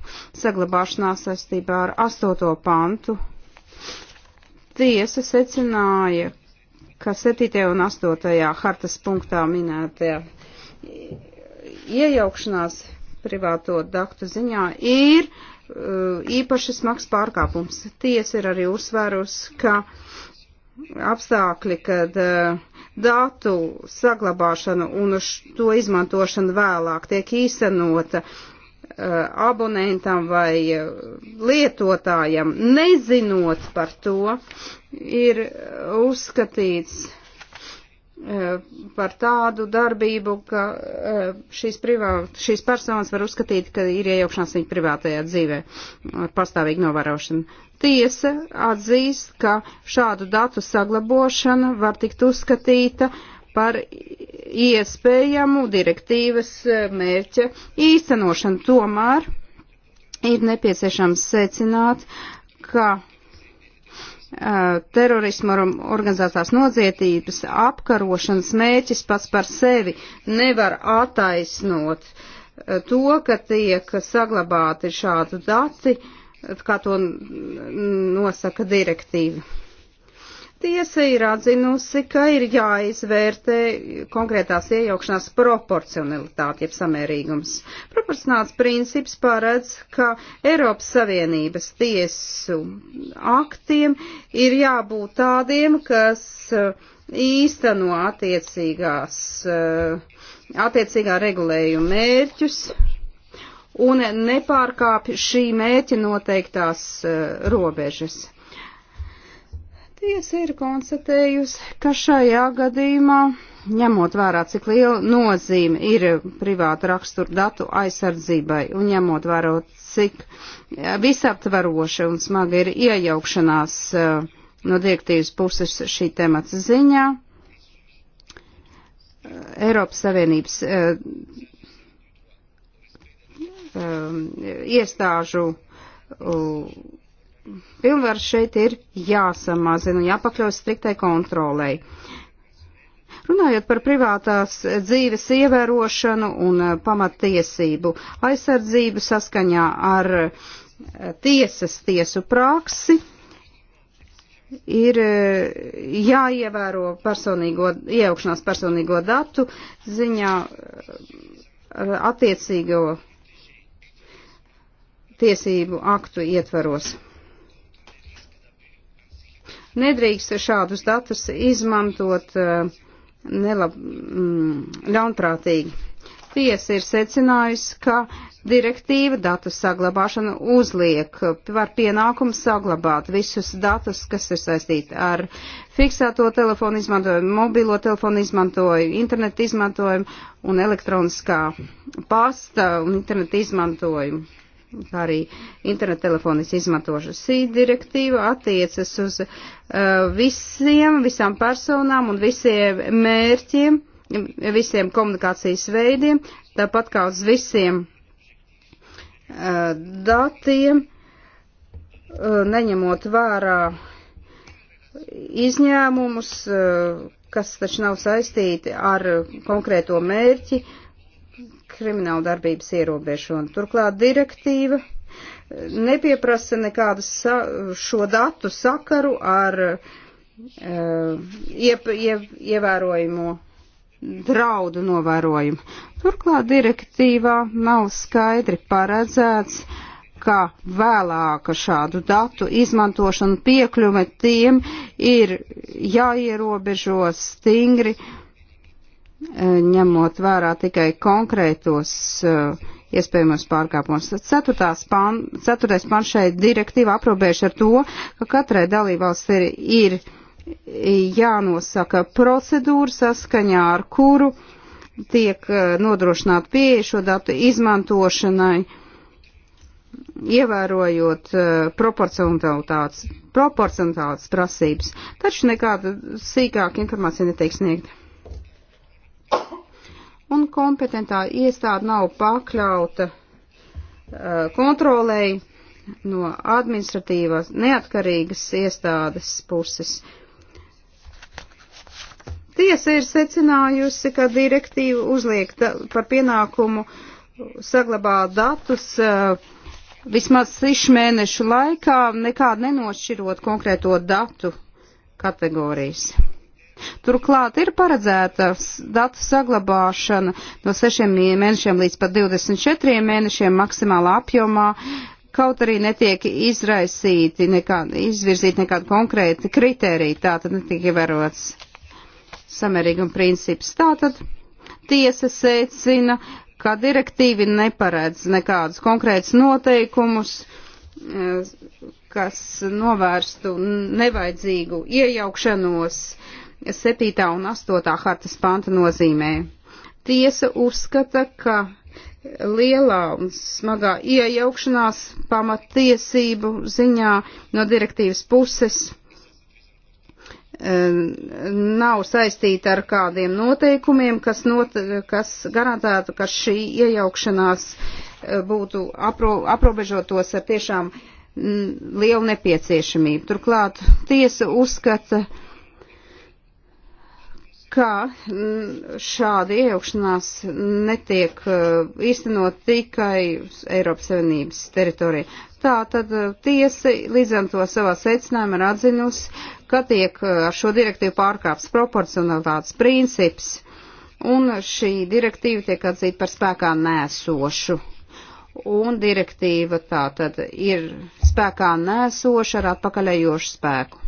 saglabāšanā saistībā ar 8. pantu. Tiesa secināja, ka 7. un 8. hartas punktā minētajā iejaukšanās privāto daktu ziņā ir uh, īpaši smags pārkāpums. Tiesa ir arī uzsvērusi, ka apstākļi, kad uh, datu saglabāšana un uz to izmantošana vēlāk tiek īstenota uh, abonentam vai lietotājam, nezinot par to, ir uzskatīts E, par tādu darbību, ka e, šīs, privāt, šīs personas var uzskatīt, ka ir iejaukšanās viņa privātajā dzīvē ar pastāvīgu novērošanu. Tiesa atzīst, ka šādu datu saglabošana var tikt uzskatīta par iespējamu direktīvas e, mērķa īstenošanu. Tomēr ir nepieciešams secināt, ka terorismu organizētās nodzietības apkarošanas mēķis pats par sevi nevar attaisnot to, ka tiek saglabāti šādu dati, kā to nosaka direktīva. Tiesa ir atzinusi, ka ir jāizvērtē konkrētās iejaukšanās proporcionalitāte, jeb samērīgums. Proporcionāls princips paredz, ka Eiropas Savienības tiesu aktiem ir jābūt tādiem, kas uh, īsteno attiecīgās, uh, attiecīgā regulējuma mērķus un nepārkāpj šī mērķa noteiktās uh, robežas. Tiesa ir konstatējusi, ka šajā gadījumā, ņemot vērā, cik liela nozīme ir privāta rakstura datu aizsardzībai un ņemot vērā, cik eh, visaptvaroša un smaga ir iejaukšanās eh, no direktīvas puses šī temata ziņā, eh, Eiropas Savienības iestāžu pilnvaru šeit ir jāsamazina, jāpakļaus striktai kontrolei. Runājot par privātās dzīves ievērošanu un eh, pamatiesību aizsardzību saskaņā ar eh, tiesas tiesu praksi, ir eh, jāievēro personīgo, iejaukšanās personīgo datu ziņā attiecīgo tiesību aktu ietvaros. Nedrīkst šādus datus izmantot eh, nelab, mm, ļaunprātīgi. Tiesa ir secinājusi, ka direktīva datu saglabāšana uzliek par pienākumu saglabāt visus datus, kas ir saistīti ar fiksēto telefonu izmantojumu, mobilo telefonu izmantojumu, internetu izmantojumu un elektroniskā pasta un internetu izmantojumu kā arī internet telefonis izmantošu. Šī direktīva attiecas uz uh, visiem, visām personām un visiem mērķiem, visiem komunikācijas veidiem, tāpat kā uz visiem uh, datiem, uh, neņemot vērā izņēmumus, uh, kas taču nav saistīti ar konkrēto mērķi krimināla darbības ierobežošanu. Turklāt direktīva eh, nepieprasa nekādu sa, šo datu sakaru ar uh, iep, iep, ievērojumu draudu novērojumu. Turklāt direktīvā nav skaidri paredzēts, ka vēlāka šādu datu izmantošana piekļuve tiem ir jāierobežo stingri uh, Eh, ņemot vērā tikai konkrētos eh, iespējamos pārkāpumus. Ceturtās pan, ceturtais pan šeit direktīva aprobeža ar to, ka katrai dalībvalsts ir, ir jānosaka procedūra saskaņā ar kuru tiek eh, nodrošināta pieeja šo datu izmantošanai, ievērojot proporcionalitātes, proporcionalitātes prasības. Taču nekāda sīkāka informācija netiek sniegta un kompetentā iestāde nav pakļauta uh, kontrolēji no administratīvās neatkarīgas iestādes puses. Tiesa ir secinājusi, ka direktīva uzliek par pienākumu saglabāt datus uh, vismaz sešu mēnešu laikā, nekādu nenošķirot konkrēto datu kategorijas. Turklāt ir paredzēta datu saglabāšana no 6 mēnešiem līdz pat 24 mēnešiem maksimālā apjomā, kaut arī netiek izraisīti nekā, izvirzīti nekādi konkrēti kriteriji, tā tad netiek ievērots samērīguma princips. Tātad tiesa secina, ka direktīvi neparedz nekādus konkrētus noteikumus, e, kas novērstu nevajadzīgu iejaukšanos uh, 7. un 8. hartas panta nozīmē. Tiesa uzskata, ka lielā un smagā iejaukšanās pamatiesību ziņā no direktīvas puses eh, nav saistīta ar kādiem noteikumiem, kas, not, kas garantētu, ka šī iejaukšanās eh, būtu apro, aprobežotos ar tiešām mm, lielu nepieciešamību. Turklāt tiesa uzskata, uh, ka mm, šāda iejaukšanās netiek eh, īstenot tikai Eiropas Savienības teritorijā. Tā tad eh, tiesa līdz ar to savā secinājumā ir atzinusi, ka tiek eh, ar šo direktīvu pārkāpts proporcionalitātes princips, un šī direktīva tiek atzīta par spēkā nēsošu. Un direktīva tā tad ir spēkā nēsoša ar atpakaļējošu spēku.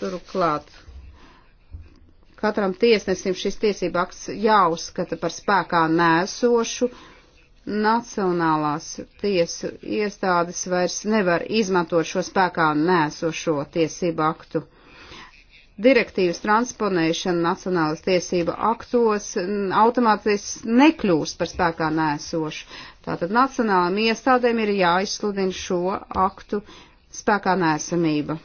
Turklāt katram tiesnesim šis tiesība akts jāuzskata par spēkā nēsošu, nacionālās tiesu iestādes vairs nevar izmantot šo spēkā nēsošo tiesību aktu. Direktīvas transponēšana nacionālas tiesība aktos automātiski nekļūst par spēkā nēsošu. Tātad nacionālām iestādēm ir jāizsludina šo aktu spēkā nēsamība.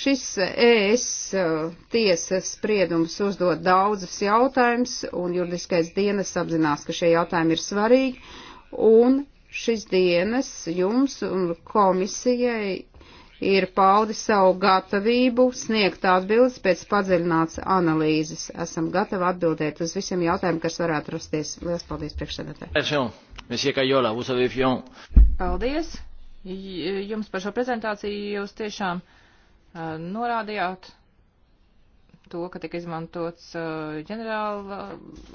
Šis ES uh, tiesas spriedums uzdod daudzas jautājumas, un juridiskais dienas apzinās, ka šie jautājumi ir svarīgi, un šis dienas jums un komisijai ir paudi savu gatavību sniegt atbildes pēc padziļināts analīzes. Esam gatavi atbildēt uz visiem jautājumiem, kas varētu rasties. Lielas paldies priekšsēdētāji. Paldies jums par šo prezentāciju. Jūs tiešām norādījāt to, ka tika izmantots ģenerāla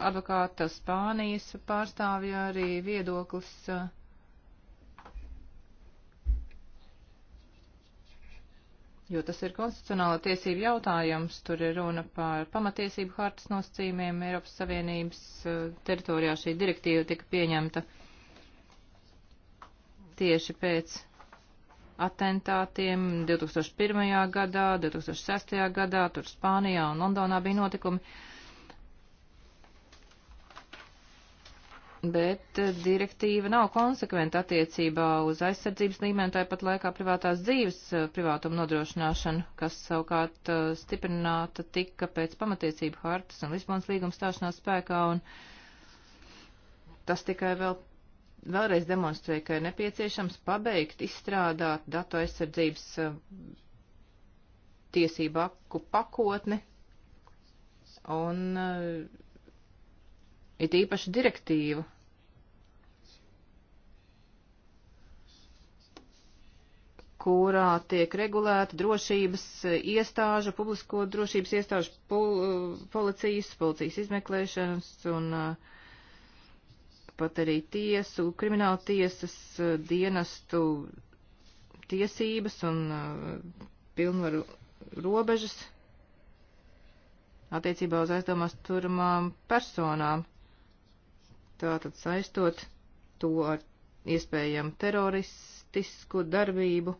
advokāta Spānijas pārstāvja arī viedoklis. Jo tas ir konstitucionāla tiesība jautājums, tur ir runa par pamatiesību hartas nosacījumiem Eiropas Savienības teritorijā šī direktīva tika pieņemta tieši pēc atentātiem 2001. gadā, 2006. gadā, tur Spānijā un Londonā bija notikumi. Bet eh, direktīva nav konsekventa attiecībā uz aizsardzības līmeni, tāpat laikā privātās dzīves eh, privātuma nodrošināšanu, kas savukārt eh, stiprināta tika pēc pamatiesību hartas un Lisbonas līguma stāšanās spēkā, un tas tikai vēl vēlreiz demonstrē, ka ir nepieciešams pabeigt izstrādāt datu aizsardzības eh, tiesību aktu pakotni un eh, it īpaši direktīvu. kurā tiek regulēta drošības eh, iestāžu, publisko drošības iestāžu policijas, policijas izmeklēšanas un uh, pat arī tiesu, krimināla tiesas eh, dienestu tiesības un eh, pilnvaru robežas attiecībā uz aizdomās turmām personām, tātad saistot to ar iespējamu teroristisku darbību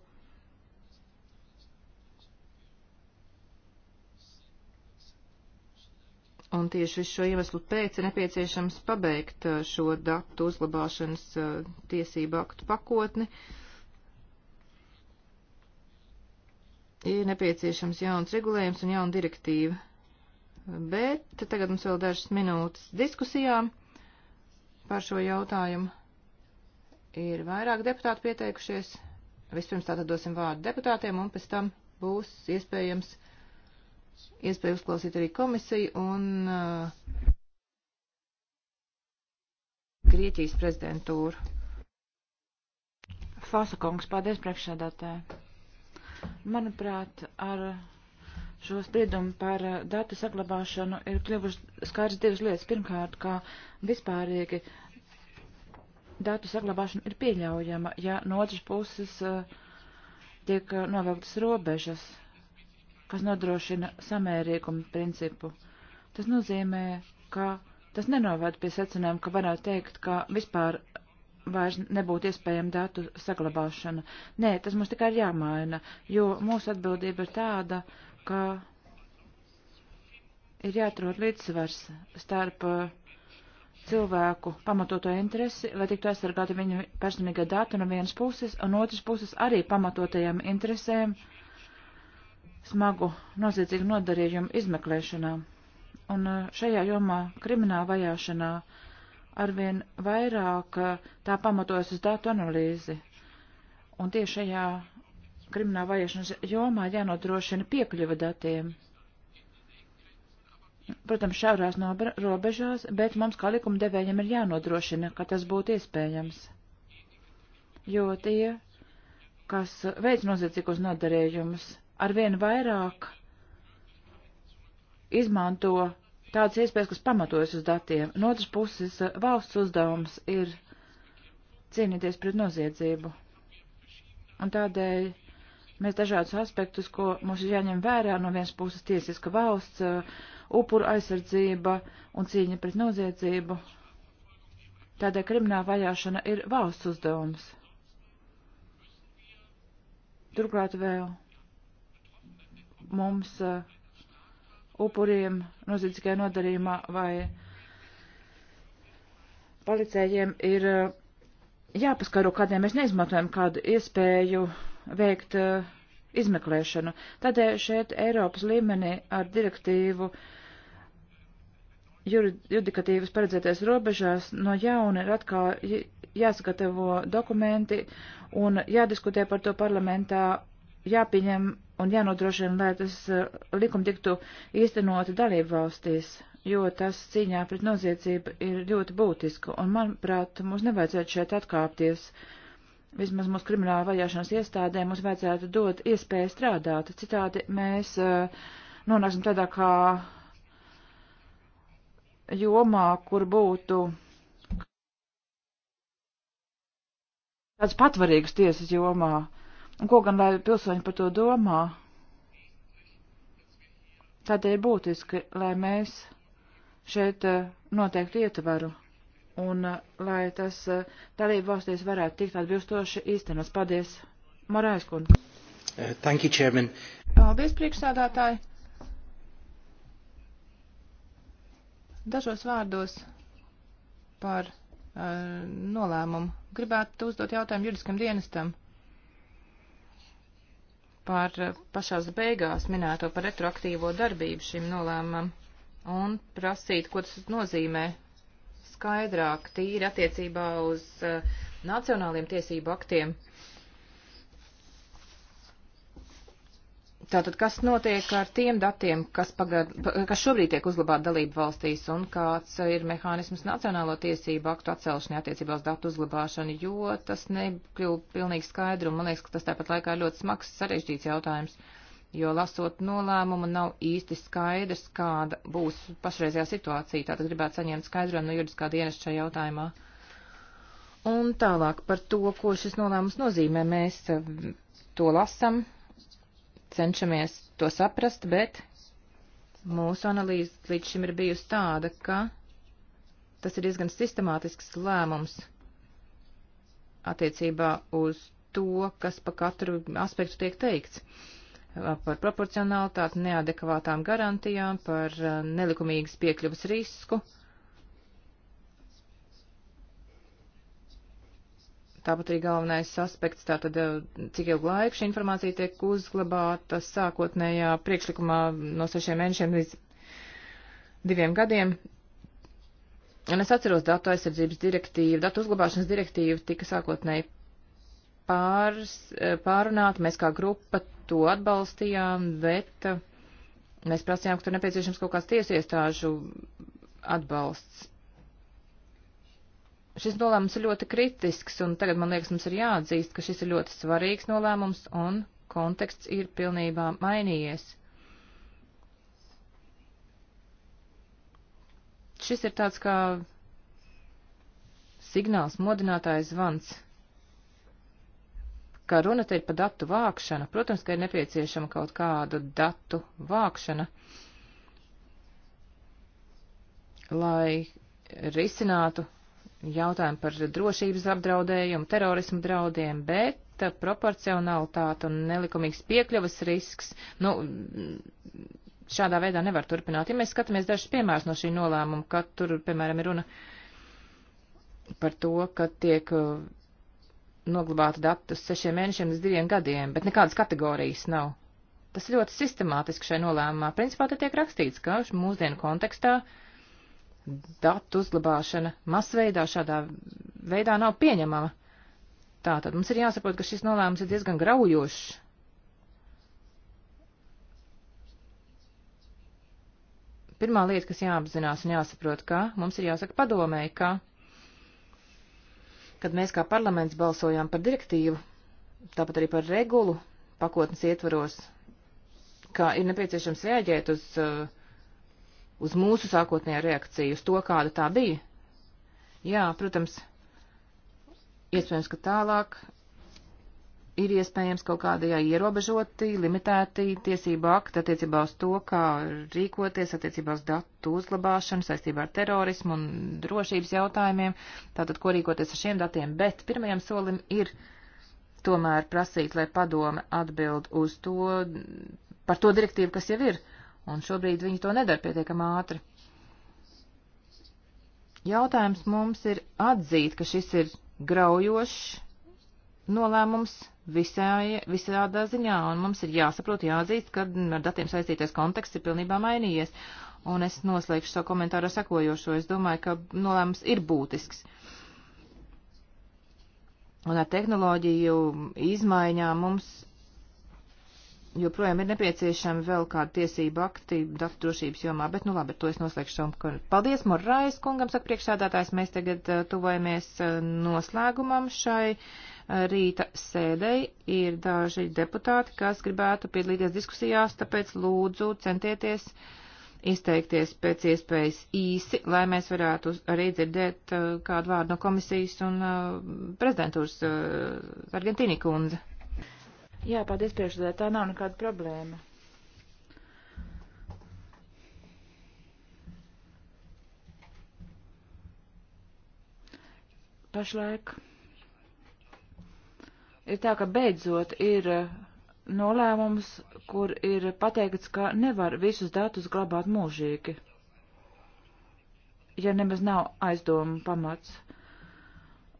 Un tieši visu šo iemeslu pēc ir nepieciešams pabeigt uh, šo datu uzglabāšanas uh, tiesību aktu pakotni. Ir nepieciešams jauns regulējums un jauna direktīva. Bet tagad mums vēl dažas minūtes diskusijām par šo jautājumu. Ir vairāk deputāti pieteikušies. Vispirms tātad dosim vārdu deputātiem un pēc tam būs iespējams iespēju uzklausīt arī komisiju un uh, Grieķijas prezidentūru. Fosa kungs, paldies priekšsēdētāji. Manuprāt, ar šo spriedumu par uh, datu saglabāšanu ir kļuvuši skaidrs divas lietas. Pirmkārt, kā vispārīgi datu saglabāšana ir pieļaujama, ja no otras puses uh, tiek uh, novilktas robežas kas nodrošina samērīgumu principu. Tas nozīmē, ka tas nenovērt pie secinājuma, ka varētu teikt, ka vispār vairs nebūtu iespējama datu saglabāšana. Nē, tas mums tikai ir jāmaina, jo mūsu atbildība ir tāda, ka ir jāatrod līdzsvars starp uh, cilvēku pamatoto interesi, lai tiktu aizsargāti viņu personīgā data no vienas puses, un otras puses arī pamatotajām interesēm, uh, smagu noziedzīgu nodarījumu izmeklēšanā. Un e, šajā jomā krimināla vajāšanā arvien vairāk e, tā pamatojas uz datu analīzi. Un tieši šajā krimināla vajāšanas jomā jānodrošina piekļuva datiem. Protams, šaurās no robežās, bet mums kā likumdevējiem ir jānodrošina, ka tas būtu iespējams. Jo tie, kas veids noziedzīgos nodarījumus, arvien vairāk izmanto tādas iespējas, kas pamatojas uz datiem. No otras puses, eh, valsts uzdevums ir cīnīties pret noziedzību. Un tādēļ mēs dažādus aspektus, ko mums ir jāņem vērā, no vienas puses tiesiska valsts, eh, upuru aizsardzība un cīņa pret noziedzību. Tādēļ krimināla vajāšana ir valsts uzdevums. Turklāt vēl mums uh, upuriem noziedzīgajā nodarījumā vai policējiem ir uh, jāpaskaro, kādēļ mēs neizmantojam kādu iespēju veikt uh, izmeklēšanu. Tādēļ šeit Eiropas līmenī ar direktīvu judikatīvas paredzētais robežās no jauna ir atkal jāsagatavo dokumenti un jādiskutē par to parlamentā jāpieņem un jānodrošina, lai tas eh, likumi tiktu īstenoti dalību valstīs, jo tas cīņā pret noziedzību ir ļoti būtiski, un, manuprāt, mums nevajadzētu šeit atkāpties. Vismaz mūsu krimināla vajāšanas iestādē mums vajadzētu dot iespēju strādāt, citādi mēs eh, nonāksim tādā kā jomā, kur būtu tāds patvarīgs tiesas jomā. Uh, Un ko gan lai pilsoņi par to domā? Tādēļ būtiski, lai mēs šeit eh, noteiktu ietvaru un eh, lai tas eh, dalību valstīs varētu tikt atbilstoši īstenos. Paldies, Morais kundze. Thank you, Chairman. Paldies, priekšsādātāji. Dažos vārdos par uh, nolēmumu. Gribētu uzdot jautājumu juridiskam dienestam par eh, pašās beigās minēto par retroaktīvo darbību šim nolēmam un prasīt, ko tas nozīmē skaidrāk, tīri attiecībā uz uh, nacionāliem tiesību aktiem. Uh, Tātad, kas notiek ar tiem datiem, kas, pagad, kas šobrīd tiek uzglabāti dalību valstīs, un kāds ir mehānisms Nacionālo tiesību aktu atcelšanai attiecībā uz datu uzglabāšanu, jo tas nekļūst pilnīgi skaidru, un man liekas, ka tas tāpat laikā ir ļoti smags sarežģīts jautājums, jo lasot nolēmumu nav īsti skaidrs, kāda būs pašreizējā situācija, tātad gribētu saņemt skaidrojumu no juridiskā dienesta šajā jautājumā. Un tālāk par to, ko šis nolēmums nozīmē, mēs to lasam, cenšamies to saprast, bet mūsu analīze līdz šim ir bijusi tāda, ka tas ir diezgan sistemātisks lēmums attiecībā uz to, kas pa katru aspektu tiek teikts. Par proporcionalitāti, neadekvātām garantijām, par nelikumīgas piekļuvas risku. Uh, Tāpat arī galvenais aspekts, tātad eh, cik ilgu laiku šī informācija tiek uzglabāta sākotnējā priekšlikumā no sešiem mēnešiem līdz diviem gadiem. Un es atceros datu aizsardzības direktīvu, datu uzglabāšanas direktīvu tika sākotnēji pārs, eh, pārunāta, mēs kā grupa to atbalstījām, bet eh, mēs prasījām, ka tur nepieciešams kaut kāds tiesiestāžu atbalsts šis nolēmums ir ļoti kritisks, un tagad man liekas, mums ir jāatzīst, ka šis ir ļoti svarīgs nolēmums, un konteksts ir pilnībā mainījies. Šis ir tāds kā signāls, modinātājs zvans, kā runa te ir par datu vākšanu. Protams, ka ir nepieciešama kaut kāda datu vākšana, lai risinātu jautājumu par drošības apdraudējumu, terorismu draudiem, bet proporcionalitāte un nelikumīgs piekļuvas risks, nu, šādā veidā nevar turpināt. Ja mēs skatāmies dažus piemērus no šī nolēmuma, kad tur, piemēram, ir runa par to, ka tiek uh, noglabāta datus sešiem mēnešiem līdz diviem gadiem, bet nekādas kategorijas nav. Tas ir ļoti sistemātiski šai nolēmumā. Principā te tiek rakstīts, ka mūsdienu kontekstā uh, datu uzglabāšana masveidā šādā veidā nav pieņemama. Tātad mums ir jāsaprot, ka šis nolēmums ir diezgan graujošs. Pirmā lieta, kas jāapzinās un jāsaprot, ka mums ir jāsaka padomēji, ka, kad mēs kā parlaments balsojām par direktīvu, tāpat arī par regulu pakotnes ietvaros, ka ir nepieciešams rēģēt uz uh, uz mūsu sākotnējā reakciju, uz to, kāda tā bija. Jā, protams, iespējams, ka tālāk ir iespējams kaut kādajā ierobežotī, limitētī tiesību akti attiecībā uz to, kā rīkoties attiecībā uz datu uzglabāšanu saistībā ar terorismu un drošības jautājumiem, tātad, ko rīkoties ar šiem datiem, bet pirmajam solim ir tomēr prasīt, lai padome atbild uz to, par to direktīvu, kas jau ir. Uh, un šobrīd viņi to nedara pietiekam ātri. Jautājums mums ir atzīt, ka šis ir graujošs nolēmums visā, visādā ziņā, un mums ir jāsaprot, jāatzīst, ka ar datiem saistītais konteksts ir pilnībā mainījies. Un es noslēgšu savu komentāru sakojošo. Es domāju, ka nolēmums ir būtisks. Un ar tehnoloģiju izmaiņām mums joprojām ir nepieciešami vēl kādi tiesību akti datu drošības jomā, bet nu labi, ar to es noslēgšu savu. Paldies Morrais kungam, saka priekšsādātājs, mēs tagad eh, tuvojamies eh, noslēgumam šai eh, rīta sēdei. Ir daži deputāti, kas gribētu piedalīties diskusijās, tāpēc lūdzu centieties izteikties pēc iespējas īsi, lai mēs varētu arī dzirdēt kādu vārdu no komisijas un prezidentūras Argentīni kundze. Jā, paldies priekšsēdē, tā nav nekāda problēma. Pašlaik ir tā, ka beidzot ir eh, nolēmums, kur ir pateikts, ka nevar visus datus glabāt mūžīgi, ja nemaz nav aizdomu pamats.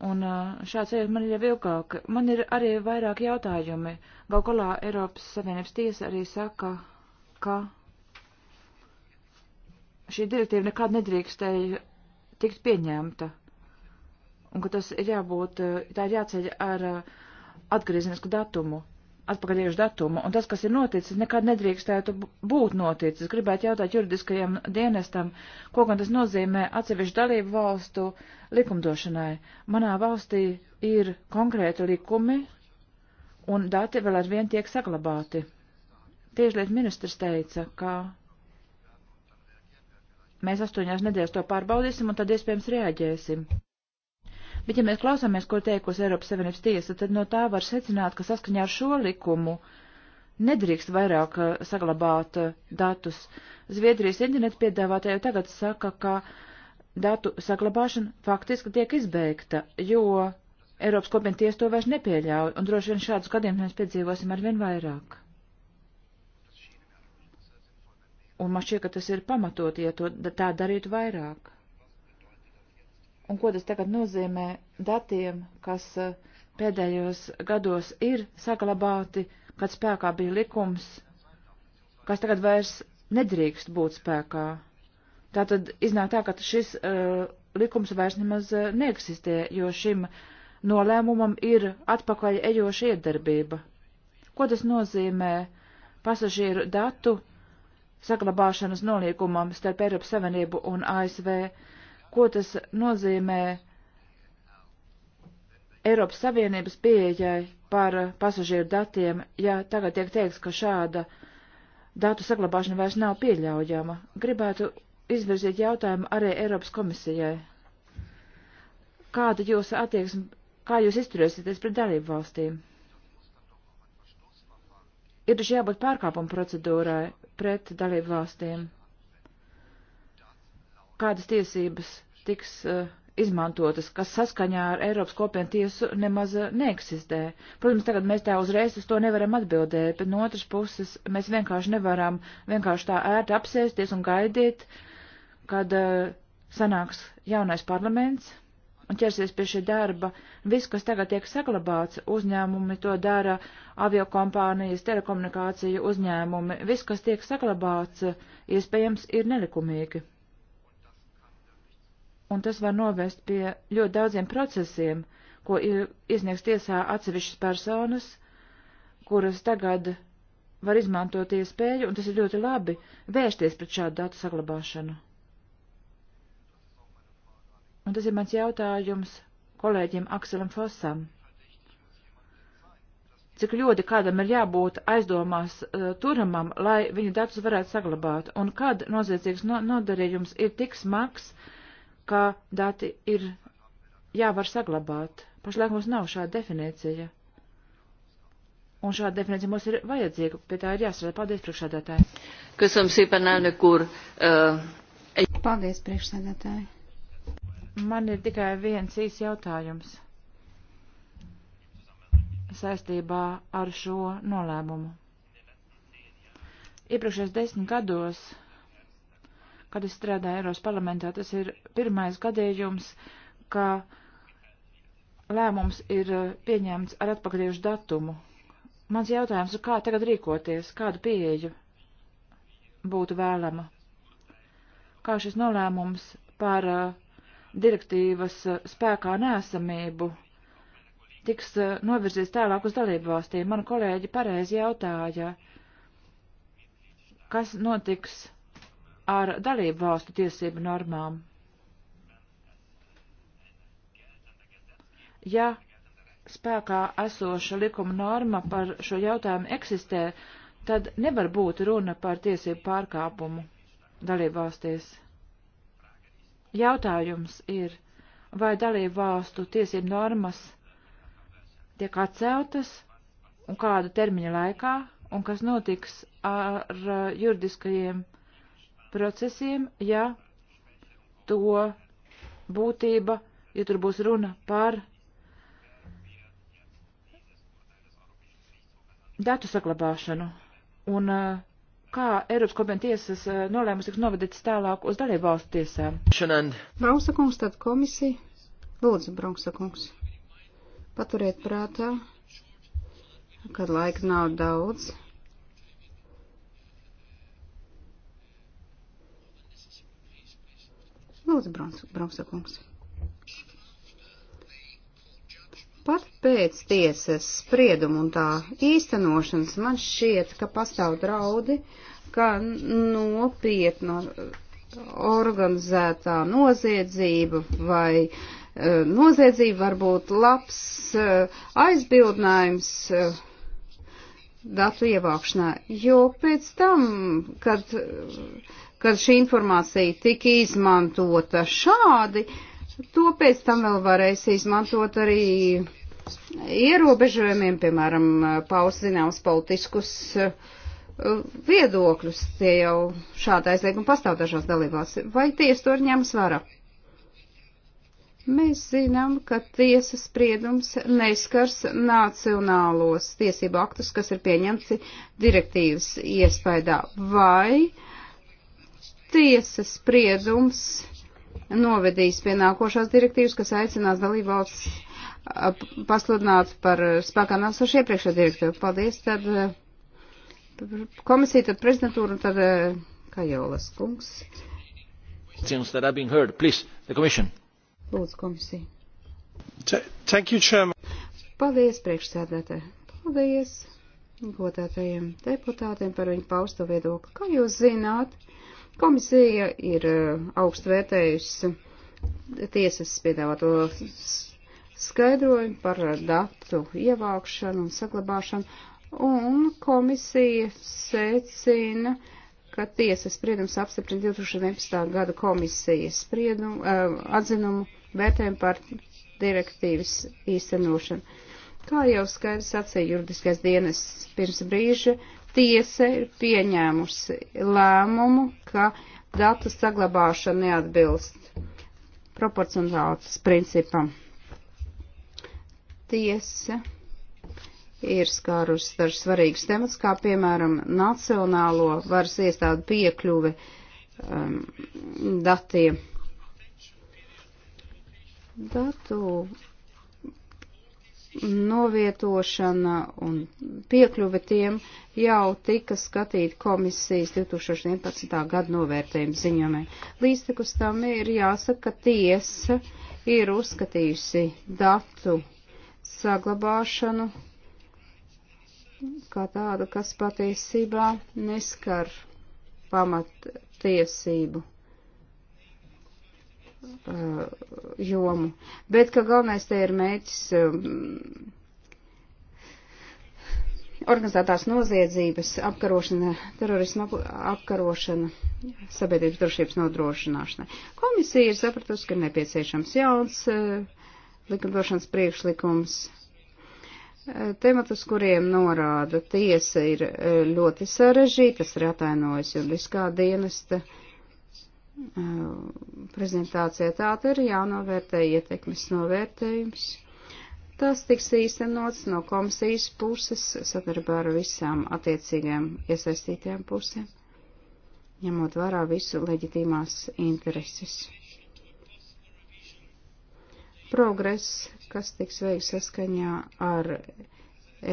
Un šāds sajūta man ir jau ilgāk. Man ir arī vairāk jautājumi. Gaukolā Eiropas Savienības tiesa arī saka, ka šī direktīva nekad nedrīkstēja tikt pieņemta. Un ka tas ir jābūt, tā ir jāceļ ar atgriezenisku datumu atpakaļiešu datumu, un tas, kas ir noticis, nekad nedrīkstētu būt noticis. Gribētu jautāt juridiskajam dienestam, ko gan tas nozīmē atsevišķu dalību valstu likumdošanai. Manā valstī ir konkrēti likumi, un dati vēl ar vien tiek saglabāti. Tieslietu ministrs teica, ka mēs astoņās nedēļas to pārbaudīsim, un tad iespējams reaģēsim. Bet, ja mēs klausāmies, ko teikusi Eiropas Savienības tiesa, tad no tā var secināt, ka saskaņā ar šo likumu nedrīkst vairāk eh, saglabāt eh, datus. Zviedrijas interneta piedāvātāja jau tagad saka, ka datu saglabāšana faktiski tiek izbeigta, jo Eiropas kopiena tiesa to vairs nepieļauj, un droši vien šādus gadījumus mēs piedzīvosim arvien vairāk. Un man šķiet, ka tas ir pamatot, ja to tā darītu vairāk un ko tas tagad nozīmē datiem, kas eh, pēdējos gados ir saglabāti, kad spēkā bija likums, kas tagad vairs nedrīkst būt spēkā. Tātad iznāk tā, ka šis uh, likums vairs nemaz uh, neeksistē, jo šim nolēmumam ir atpakaļ ejoša iedarbība. Ko tas nozīmē pasažieru datu saglabāšanas nolīgumam starp Eiropas Savienību un ASV? Uh, ko tas nozīmē Eiropas Savienības pieejai par pasažieru datiem, ja tagad tiek teiks, ka šāda datu saglabāšana vairs nav pieļaujama. Gribētu izvirzīt jautājumu arī Eiropas komisijai. Kāda jūsu attieksme, kā jūs izturēsieties pret dalību valstīm? Ir taču jābūt pārkāpuma procedūrai pret dalību valstīm. Kādas tiesības tiks uh, izmantotas, kas saskaņā ar Eiropas kopienu tiesu nemaz uh, neeksistē. Protams, tagad mēs tā uzreiz uz to nevaram atbildēt, bet no otras puses mēs vienkārši nevaram vienkārši tā ērti apsēsties un gaidīt, kad uh, sanāks jaunais parlaments un ķersies pie šī darba. Viss, kas tagad tiek saglabāts, uzņēmumi to dara, aviokompānijas, telekomunikāciju uzņēmumi, viss, kas tiek saglabāts, iespējams, ir nelikumīgi un tas var novest pie ļoti daudziem procesiem, ko iesniegs tiesā atsevišķas personas, kuras tagad var izmantot iespēju, un tas ir ļoti labi, vērsties pret šādu datu saglabāšanu. Un tas ir mans jautājums kolēģiem Akselam Fosam. Cik ļoti kādam ir jābūt aizdomās uh, turamam, lai viņa datus varētu saglabāt, un kad noziedzīgs no nodarījums ir tik smags, uh, ka dati ir jāvar saglabāt. Pašlaik mums nav šāda definīcija. Un šāda definīcija mums ir vajadzīga, pie tā ir jāstrādā. Paldies, priekšsēdētāji. Kas jums ir nekur? Uh... Paldies, priekšsēdētāji. Man ir tikai viens īs jautājums saistībā ar šo nolēmumu. Iepriekšējos desmit gados kad es strādāju Eiros parlamentā. Tas ir pirmais gadījums, ka lēmums ir eh, pieņemts ar atpakaļiešu datumu. Mans jautājums ir, kā tagad rīkoties, kādu pieeju būtu vēlama? Kā šis nolēmums par eh, direktīvas eh, spēkā nēsamību tiks novirzīts tālāk uz dalību valstīm? Mani kolēģi pareizi jautāja, kas notiks ar dalību valstu tiesību normām. Ja spēkā esoša likuma norma par šo jautājumu eksistē, tad nevar būt runa par tiesību pārkāpumu dalību valstīs. Jautājums ir, vai dalību valstu tiesību normas tiek atceltas un kādu termiņu laikā, un kas notiks ar uh, juridiskajiem procesiem, ja to būtība, ja tur būs runa par datu saglabāšanu un uh, kā Eiropas kopienas tiesas uh, nolēmums tiks novadīts tālāk uz dalību valstu tiesām. Šanand. Braunsa kungs, tad komisija. Lūdzu, Braunsa kungs. Paturiet prātā, kad laika nav daudz. Lūdzu, Bromsa kungs. Pat pēc tiesas spriedumu un tā īstenošanas man šķiet, ka pastāv draudi, ka nopietna organizētā noziedzība vai uh, noziedzība var būt labs uh, aizbildinājums uh, datu ievākšanā, jo pēc tam, kad uh, kad šī informācija tika izmantota šādi, to pēc tam vēl varēs izmantot arī ierobežojumiem, piemēram, paust zināms politiskus uh, viedokļus. Tie jau šāda aizlieguma pastāv dažās dalībās. Vai tiesa to ir ņēmas vērā? Mēs zinām, ka tiesas spriedums neskars nacionālos tiesību aktus, kas ir pieņemti direktīvas iespaidā, vai uh, tiesas spriedums novedīs pie nākošās direktīvas, kas aicinās dalībvalsts pasludināt par spēkā nāsošu iepriekšā direktīvu. Paldies, tad e, komisija, tad prezidentūra un tad e, Kajolas kungs. Lūdzu, komisija. Thank you, Chairman. Paldies, priekšsēdētāji. Paldies godātajiem deputātiem par viņu pausto viedokli. Kā jūs zināt, Komisija ir eh, augstu vērtējusi tiesas piedāvāto skaidrojumu par datu ievākšanu un saglabāšanu, un komisija secina, ka tiesas spriedums apstiprina 2011. gada komisijas spriedumu, eh, atzinumu vērtējumu par direktīvas īstenošanu. Kā jau skaidrs sacīja juridiskais dienas pirms brīža, tiesa ir pieņēmusi lēmumu, ka datu saglabāšana neatbilst proporcionālitas principam. Tiesa ir skārus dažs svarīgs temats, kā piemēram nacionālo varas iestādu piekļuvi um, datiem. Datu novietošana un piekļuve tiem jau tika skatīta komisijas 2011. gada novērtējuma ziņojumē. Līdztekus tam ir jāsaka, ka tiesa ir uzskatījusi datu saglabāšanu kā tādu, kas patiesībā neskar pamattiesību Uh, jomu. Bet, ka galvenais te ir mēģis um, organizētās noziedzības apkarošana, terorisma apkarošana, sabiedrības drošības nodrošināšanai. Komisija ir sapratusi, ka nepieciešams jauns uh, likumdošanas priekšlikums. Uh, Temat, uz kuriem norāda tiesa, ir ļoti sarežģītas, ir atainojas juridiskā dienesta. Uh, Eh, prezentācijā. Tā ir jānovērtē ietekmes novērtējums. Tas tiks īstenots no komisijas puses sadarbā ar visām attiecīgajām iesaistītajām pusēm, ņemot vērā visu leģitīmās intereses. Progress, kas tiks veikts saskaņā ar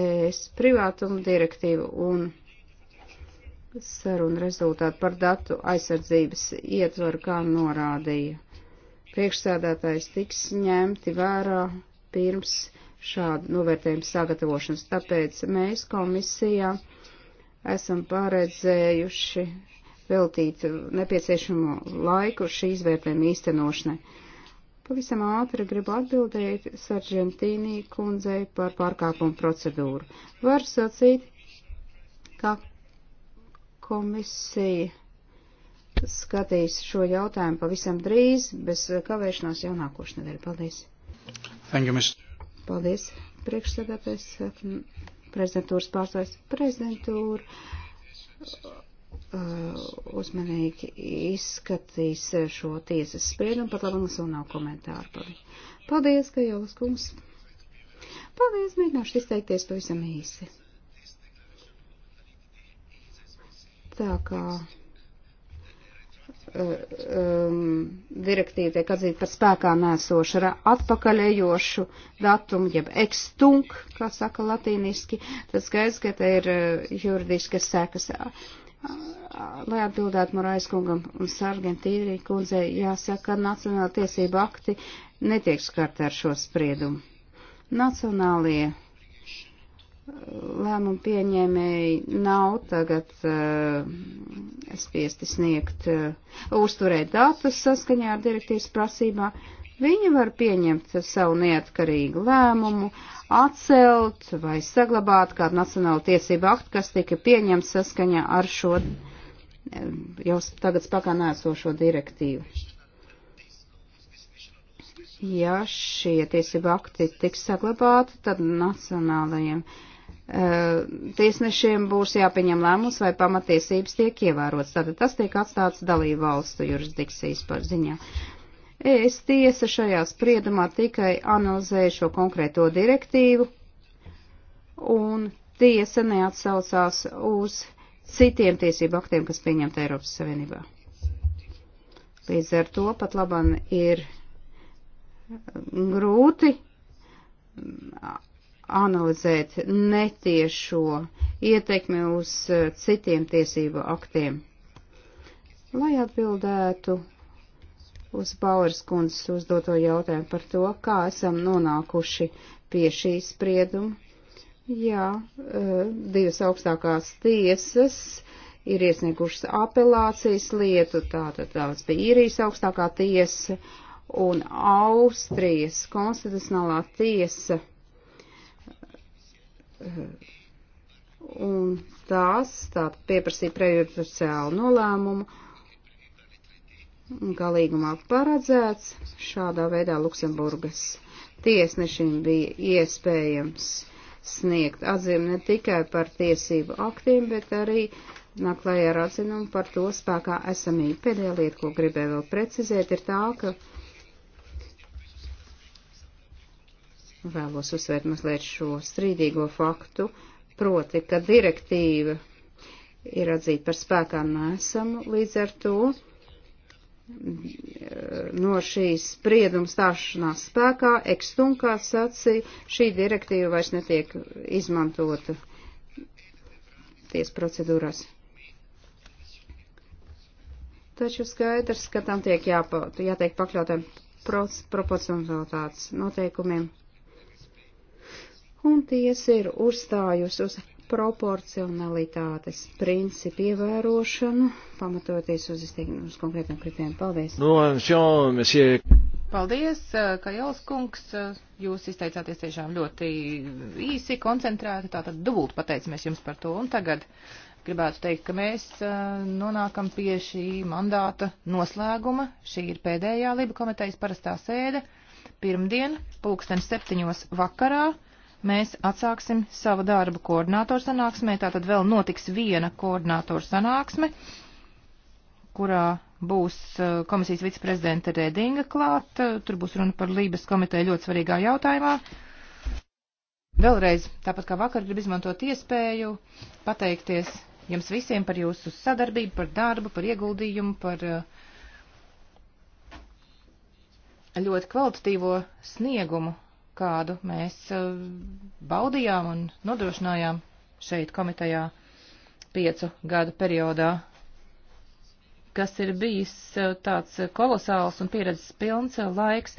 ES privātumu direktīvu un sarunu rezultātu par datu aizsardzības ietvaru, kā norādīja. Priekšsēdētājs tiks ņemti vērā pirms šādu novērtējumu sagatavošanas, tāpēc mēs komisijā esam paredzējuši veltīt nepieciešamo laiku šī izvērtējuma īstenošanai. Pavisam ātri gribu atbildēt Sargentīnī kundzei par pārkāpumu procedūru. Var sacīt, ka Komisija skatīs šo jautājumu pavisam drīz, bez kavēšanās jau nākošu nedēļu. Paldies! Thank you, Mr. Paldies, priekšsēdētājs, prezidentūras pārstāvis prezidentūra. Uh, uzmanīgi izskatīs šo tiesas spriedumu, pat labi mums vēl nav komentāru par viņu. Paldies, Kajolas kungs! Paldies, mēģināšu izteikties pavisam īsi. Tā kā e, e, um, direktīva tiek atzīta par spēkā nēsošu ar atpakaļējošu datumu, jeb ekstunk, kā saka latīniski, tad skaidrs, ka te ir uh, e, juridiskas sekas. Lai atbildētu Morais kungam un Sargentīri kundzei, jāsaka, ka nacionāla tiesība akti netiek skarta ar šo spriedumu. Nacionālie lēmumu pieņēmēji nav tagad uh, spiesti sniegt, uh, uzturēt datus saskaņā ar direktīvas prasībā. Viņi var pieņemt savu neatkarīgu lēmumu, atcelt vai saglabāt kādu nacionālu tiesību aktu, kas tika pieņemts saskaņā ar šo eh, jau tagad spēkā nēsošo direktīvu. Ja šie tiesību akti tiks saglabāti, tad nacionālajiem uh, Eh, tiesnešiem būs jāpieņem lēmums, vai pamatiesības tiek ievērotas. Tātad tas tiek atstāts dalību valstu jurisdikcijas par ziņā. Es tiesa šajā spriedumā tikai analizēju šo konkrēto direktīvu, un tiesa neatsaucās uz citiem tiesību aktiem, kas pieņemta Eiropas Savienībā. Līdz ar to pat labam ir grūti analizēt netiešo ietekmi uz eh, citiem tiesību aktiem. Lai atbildētu uz Bauers kundzes uzdoto jautājumu par to, kā esam nonākuši pie šī sprieduma, jā, eh, divas augstākās tiesas ir iesniegušas apelācijas lietu, tātad tāds bija īrijas augstākā tiesa un Austrijas konstitucionālā tiesa Un tās tātad pieprasīja prejudiciālu nolēmumu. Kā līgumā paredzēts, šādā veidā Luksemburgas tiesnešiem bija iespējams sniegt atzīmi ne tikai par tiesību aktiem, bet arī naklēja ar atzinumu par to spēkā esamību. Pēdējā lieta, ko gribēju vēl precizēt, ir tā, ka vēlos uzsvērt mazliet šo strīdīgo faktu, proti, ka direktīva ir atzīta par spēkā nesamu, līdz ar to mm, no šīs sprieduma stāšanās spēkā ekstunkā sacīja, šī direktīva vairs netiek izmantota ties procedūrās. Taču skaidrs, ka tam tiek jāpa, jātiek pakļautam proporcionalitātes noteikumiem un tiesa ir uzstājusi uz proporcionalitātes principu ievērošanu, pamatoties uz, uz konkrētiem kritiem. Paldies! No, šo, monsieur... Paldies, eh, Kajals kungs, eh, jūs izteicāties tiešām ļoti īsi, koncentrēti, tātad dubult pateicamies jums par to, un tagad gribētu teikt, ka mēs eh, nonākam pie šī mandāta noslēguma, šī ir pēdējā Liba komitejas parastā sēde, pirmdien, pulksten septiņos vakarā mēs atsāksim savu darbu koordinātoru sanāksmē. Tātad vēl notiks viena koordinātoru sanāksme, kurā būs eh, komisijas viceprezidenta Redinga klāt. Eh, tur būs runa par Lības komiteju ļoti svarīgā jautājumā. Vēlreiz, tāpat kā vakar, gribu izmantot iespēju pateikties jums visiem par jūsu sadarbību, par darbu, par ieguldījumu, par eh, ļoti kvalitatīvo sniegumu kādu mēs eh, baudījām un nodrošinājām šeit komitejā piecu gadu periodā, kas ir bijis eh, tāds kolosāls un pieredzes pilns eh, laiks.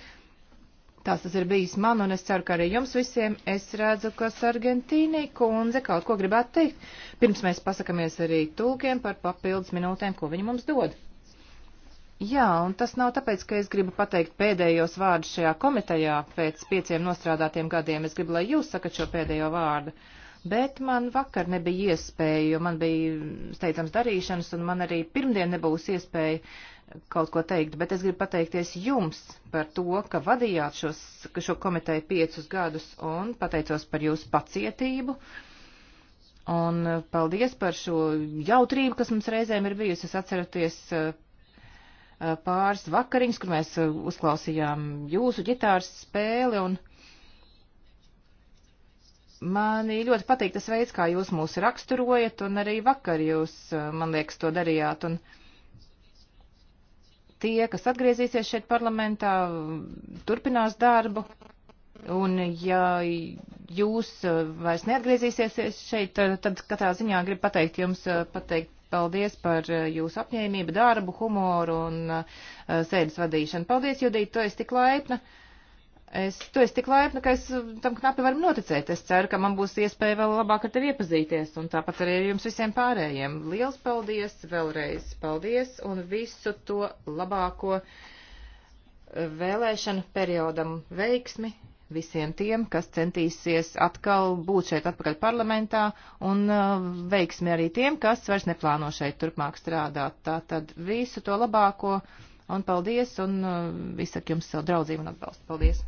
Tās tas ir bijis man, un es ceru, ka arī jums visiem. Es redzu, ka Sargentīnī kundze kaut ko gribētu teikt, pirms mēs pasakamies arī tūkiem par papildus minūtēm, ko viņi mums dod. Jā, un tas nav tāpēc, ka es gribu pateikt pēdējos vārdus šajā komitejā pēc pieciem nostrādātiem gadiem. Es gribu, lai jūs sakat šo pēdējo vārdu. Bet man vakar nebija iespēja, jo man bija steidzams darīšanas, un man arī pirmdien nebūs iespēja kaut ko teikt. Bet es gribu pateikties jums par to, ka vadījāt šos, ka šo komiteju piecus gadus, un pateicos par jūsu pacietību. Un paldies par šo jautrību, kas mums reizēm ir bijusi. Es atceroties Eh, pāris vakariņas, kur mēs eh, uzklausījām jūsu ģitāras spēli un mani ļoti patīk tas veids, kā jūs mūs raksturojat un arī vakar jūs, eh, man liekas, to darījāt un tie, kas atgriezīsies šeit parlamentā, turpinās darbu un ja jūs vairs neatgriezīsieties šeit, tad katrā ziņā gribu pateikt jums pateikt Paldies par eh, jūsu apņēmību, darbu, humoru un eh, sēdes vadīšanu. Paldies, Judīt, tu esi tik laipna. Es, tu esi tik laipna, ka es eh, tam knapi varu noticēt. Es ceru, ka man būs iespēja vēl labāk ar tevi iepazīties un tāpat arī ar jums visiem pārējiem. Liels paldies, vēlreiz paldies un visu to labāko vēlēšanu periodam veiksmi visiem tiem, kas centīsies atkal būt šeit atpakaļ parlamentā, un uh, veiksmi arī tiem, kas vairs neplāno šeit turpmāk strādāt. Tātad visu to labāko, un paldies, un uh, izsaka jums savu draudzību un atbalstu. Paldies!